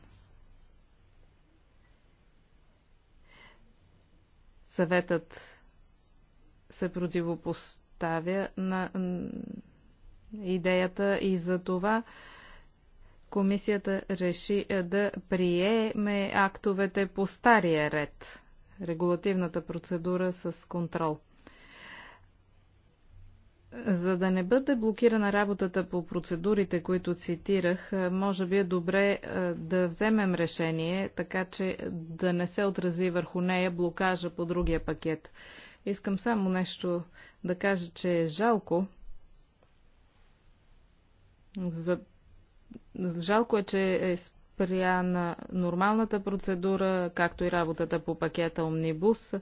Съветът се противопоставя на идеята и за това комисията реши да приеме актовете по стария ред, регулативната процедура с контрол. За да не бъде блокирана работата по процедурите, които цитирах, може би е добре да вземем решение, така че да не се отрази върху нея блокажа по другия пакет. Искам само нещо да кажа, че е жалко. За... Жалко е, че е спря на нормалната процедура, както и работата по пакета Омнибус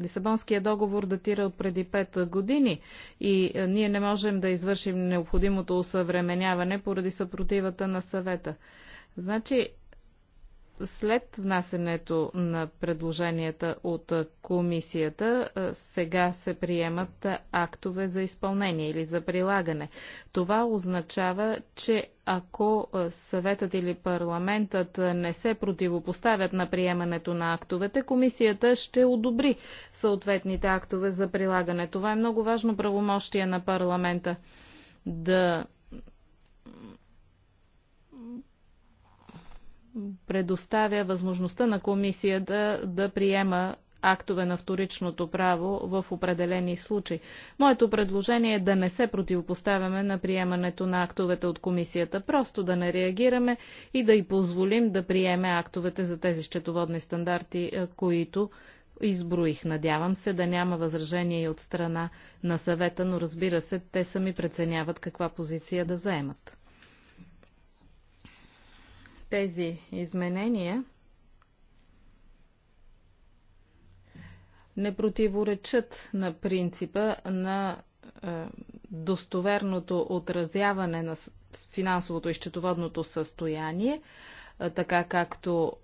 Лисабонския договор датира от преди 5 години и е, ние не можем да извършим необходимото усъвременяване поради съпротивата на съвета. Значи, след внасенето на предложенията от комисията, сега се приемат актове за изпълнение или за прилагане. Това означава, че ако съветът или парламентът не се противопоставят на приемането на актовете, комисията ще одобри съответните актове за прилагане. Това е много важно правомощие на парламента да предоставя възможността на комисията да, да приема актове на вторичното право в определени случаи. Моето предложение е да не се противопоставяме на приемането на актовете от комисията, просто да не реагираме и да й позволим да приеме актовете за тези счетоводни стандарти, е, които изброих. Надявам се да няма възражение и от страна на съвета, но разбира се, те сами преценяват каква позиция да заемат тези изменения не противоречат на принципа на е, достоверното отразяване на финансовото и счетоводното състояние, така както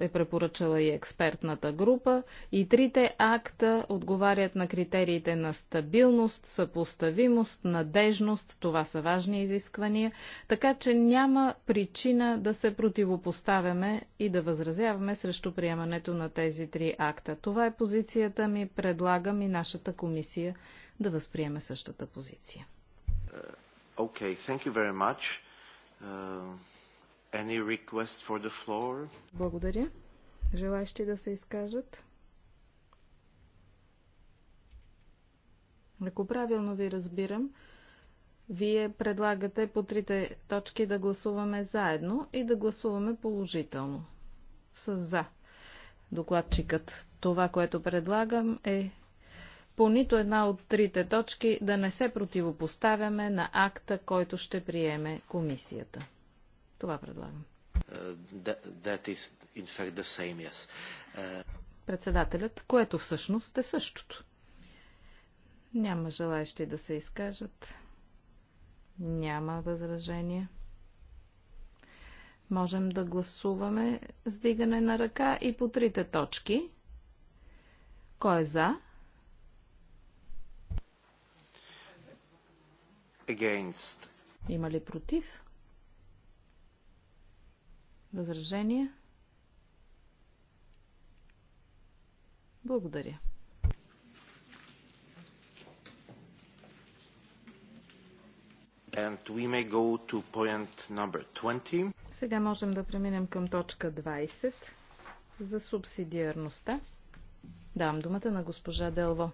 е, е препоръчала и експертната група. И трите акта отговарят на критериите на стабилност, съпоставимост, надежност. Това са важни изисквания. Така че няма причина да се противопоставяме и да възразяваме срещу приемането на тези три акта. Това е позицията ми. Предлагам и нашата комисия да възприеме същата позиция. Okay, thank you very much. Uh... Any request for the floor? Благодаря. Желаещи да се изкажат? Ако правилно ви разбирам, вие предлагате по трите точки да гласуваме заедно и да гласуваме положително. С за. Докладчикът. Това, което предлагам е по нито една от трите точки да не се противопоставяме на акта, който ще приеме комисията. Това предлагам. Е, е, Председателят, което всъщност е същото. Няма желаящи да се изкажат. Няма възражения. Можем да гласуваме с дигане на ръка и по трите точки. Кой е за? Against. Има ли против? Възражения? Благодаря. And we may go to point number 20. Сега можем да преминем към точка 20 за субсидиарността. Давам думата на госпожа Делво.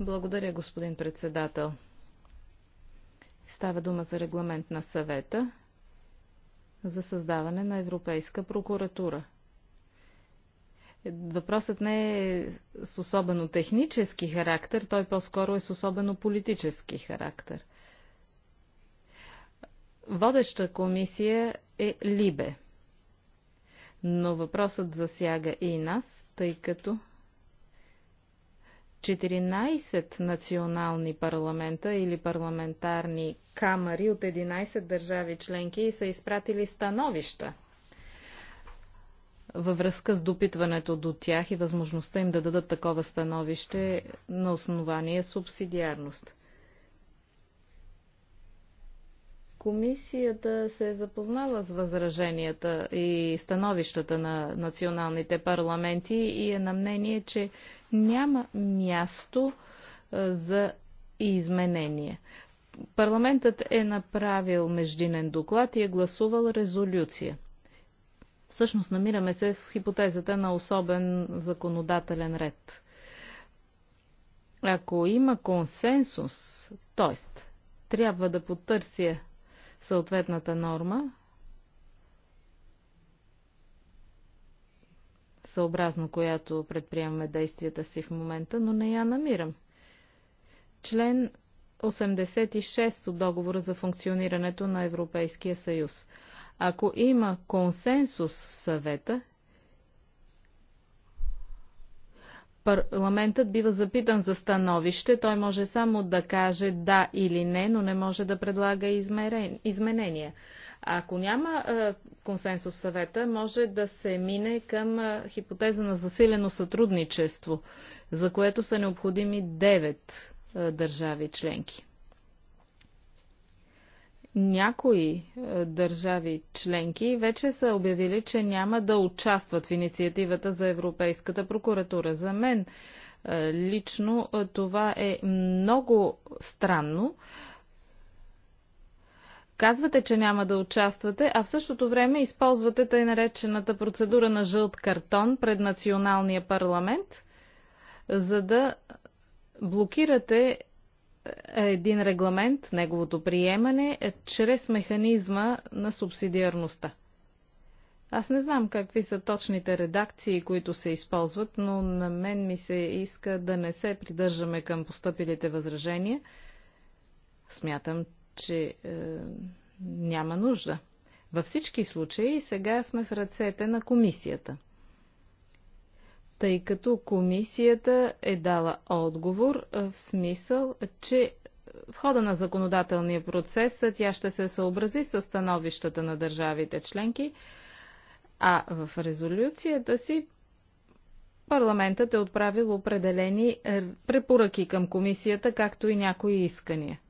Благодаря, господин председател. Става дума за регламент на съвета за създаване на Европейска прокуратура. Въпросът не е с особено технически характер, той по-скоро е с особено политически характер. Водеща комисия е Либе. Но въпросът засяга и нас, тъй като 14 национални парламента или парламентарни камари от 11 държави членки и са изпратили становища във връзка с допитването до тях и възможността им да дадат такова становище на основание субсидиарност. Комисията се е запознала с възраженията и становищата на националните парламенти и е на мнение, че няма място е, за изменение. Парламентът е направил междинен доклад и е гласувал резолюция. Всъщност намираме се в хипотезата на особен законодателен ред. Ако има консенсус, т.е. трябва да потърся съответната норма, съобразно която предприемаме действията си в момента, но не я намирам. Член 86 от договора за функционирането на Европейския съюз. Ако има консенсус в съвета, парламентът бива запитан за становище. Той може само да каже да или не, но не може да предлага измерен... изменения. Ако няма консенсус в съвета, може да се мине към хипотеза на засилено сътрудничество, за което са необходими 9 държави членки. Някои е, държави членки вече са обявили, че няма да участват в инициативата за Европейската прокуратура. За мен е, лично е, това е много странно. Казвате, че няма да участвате, а в същото време използвате тъй наречената процедура на жълт картон пред националния парламент, за да блокирате един регламент, неговото приемане, е чрез механизма на субсидиарността. Аз не знам какви са точните редакции, които се използват, но на мен ми се иска да не се придържаме към постъпилите възражения. Смятам, че е, няма нужда. Във всички случаи сега сме в ръцете на комисията – тъй като комисията е дала отговор в смисъл, че в хода на законодателния процес тя ще се съобрази с становищата на държавите членки, а в резолюцията си парламентът е отправил определени е, препоръки към комисията, както и някои искания.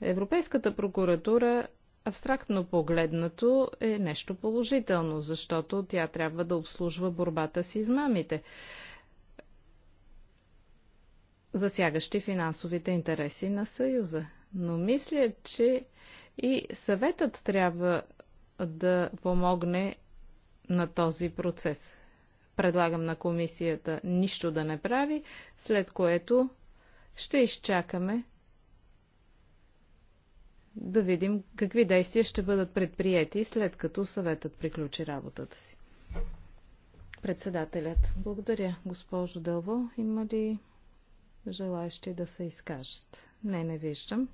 Европейската прокуратура абстрактно погледнато е нещо положително, защото тя трябва да обслужва борбата с измамите, засягащи финансовите интереси на Съюза. Но мисля, че и съветът трябва да помогне на този процес. Предлагам на комисията нищо да не прави, след което ще изчакаме да видим какви действия ще бъдат предприяти след като съветът приключи работата си. Председателят. Благодаря, госпожо Дълво. Има ли желаящи да се изкажат? Не, не виждам.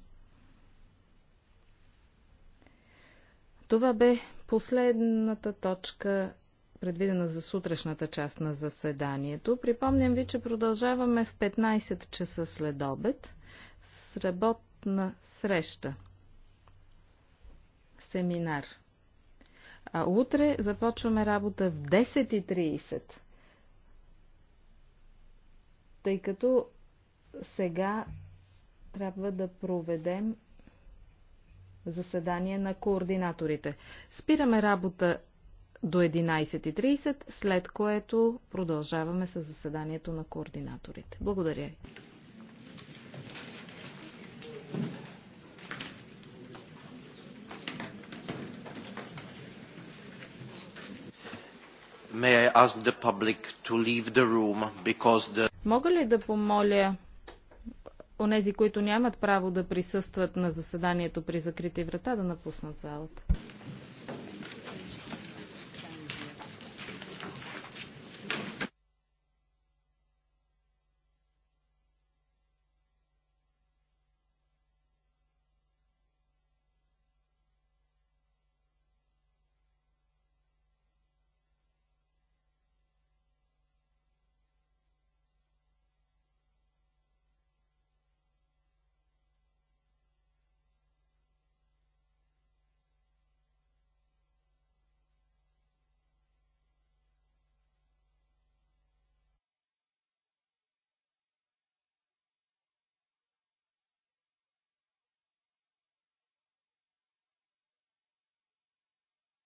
Това бе последната точка, предвидена за сутрешната част на заседанието. Припомням ви, че продължаваме в 15 часа след обед с работна среща семинар. А утре започваме работа в 10.30. Тъй като сега трябва да проведем заседание на координаторите. Спираме работа до 11.30, след което продължаваме с заседанието на координаторите. Благодаря ви. The... Мога ли да помоля онези, които нямат право да присъстват на заседанието при закрити врата, да напуснат залата?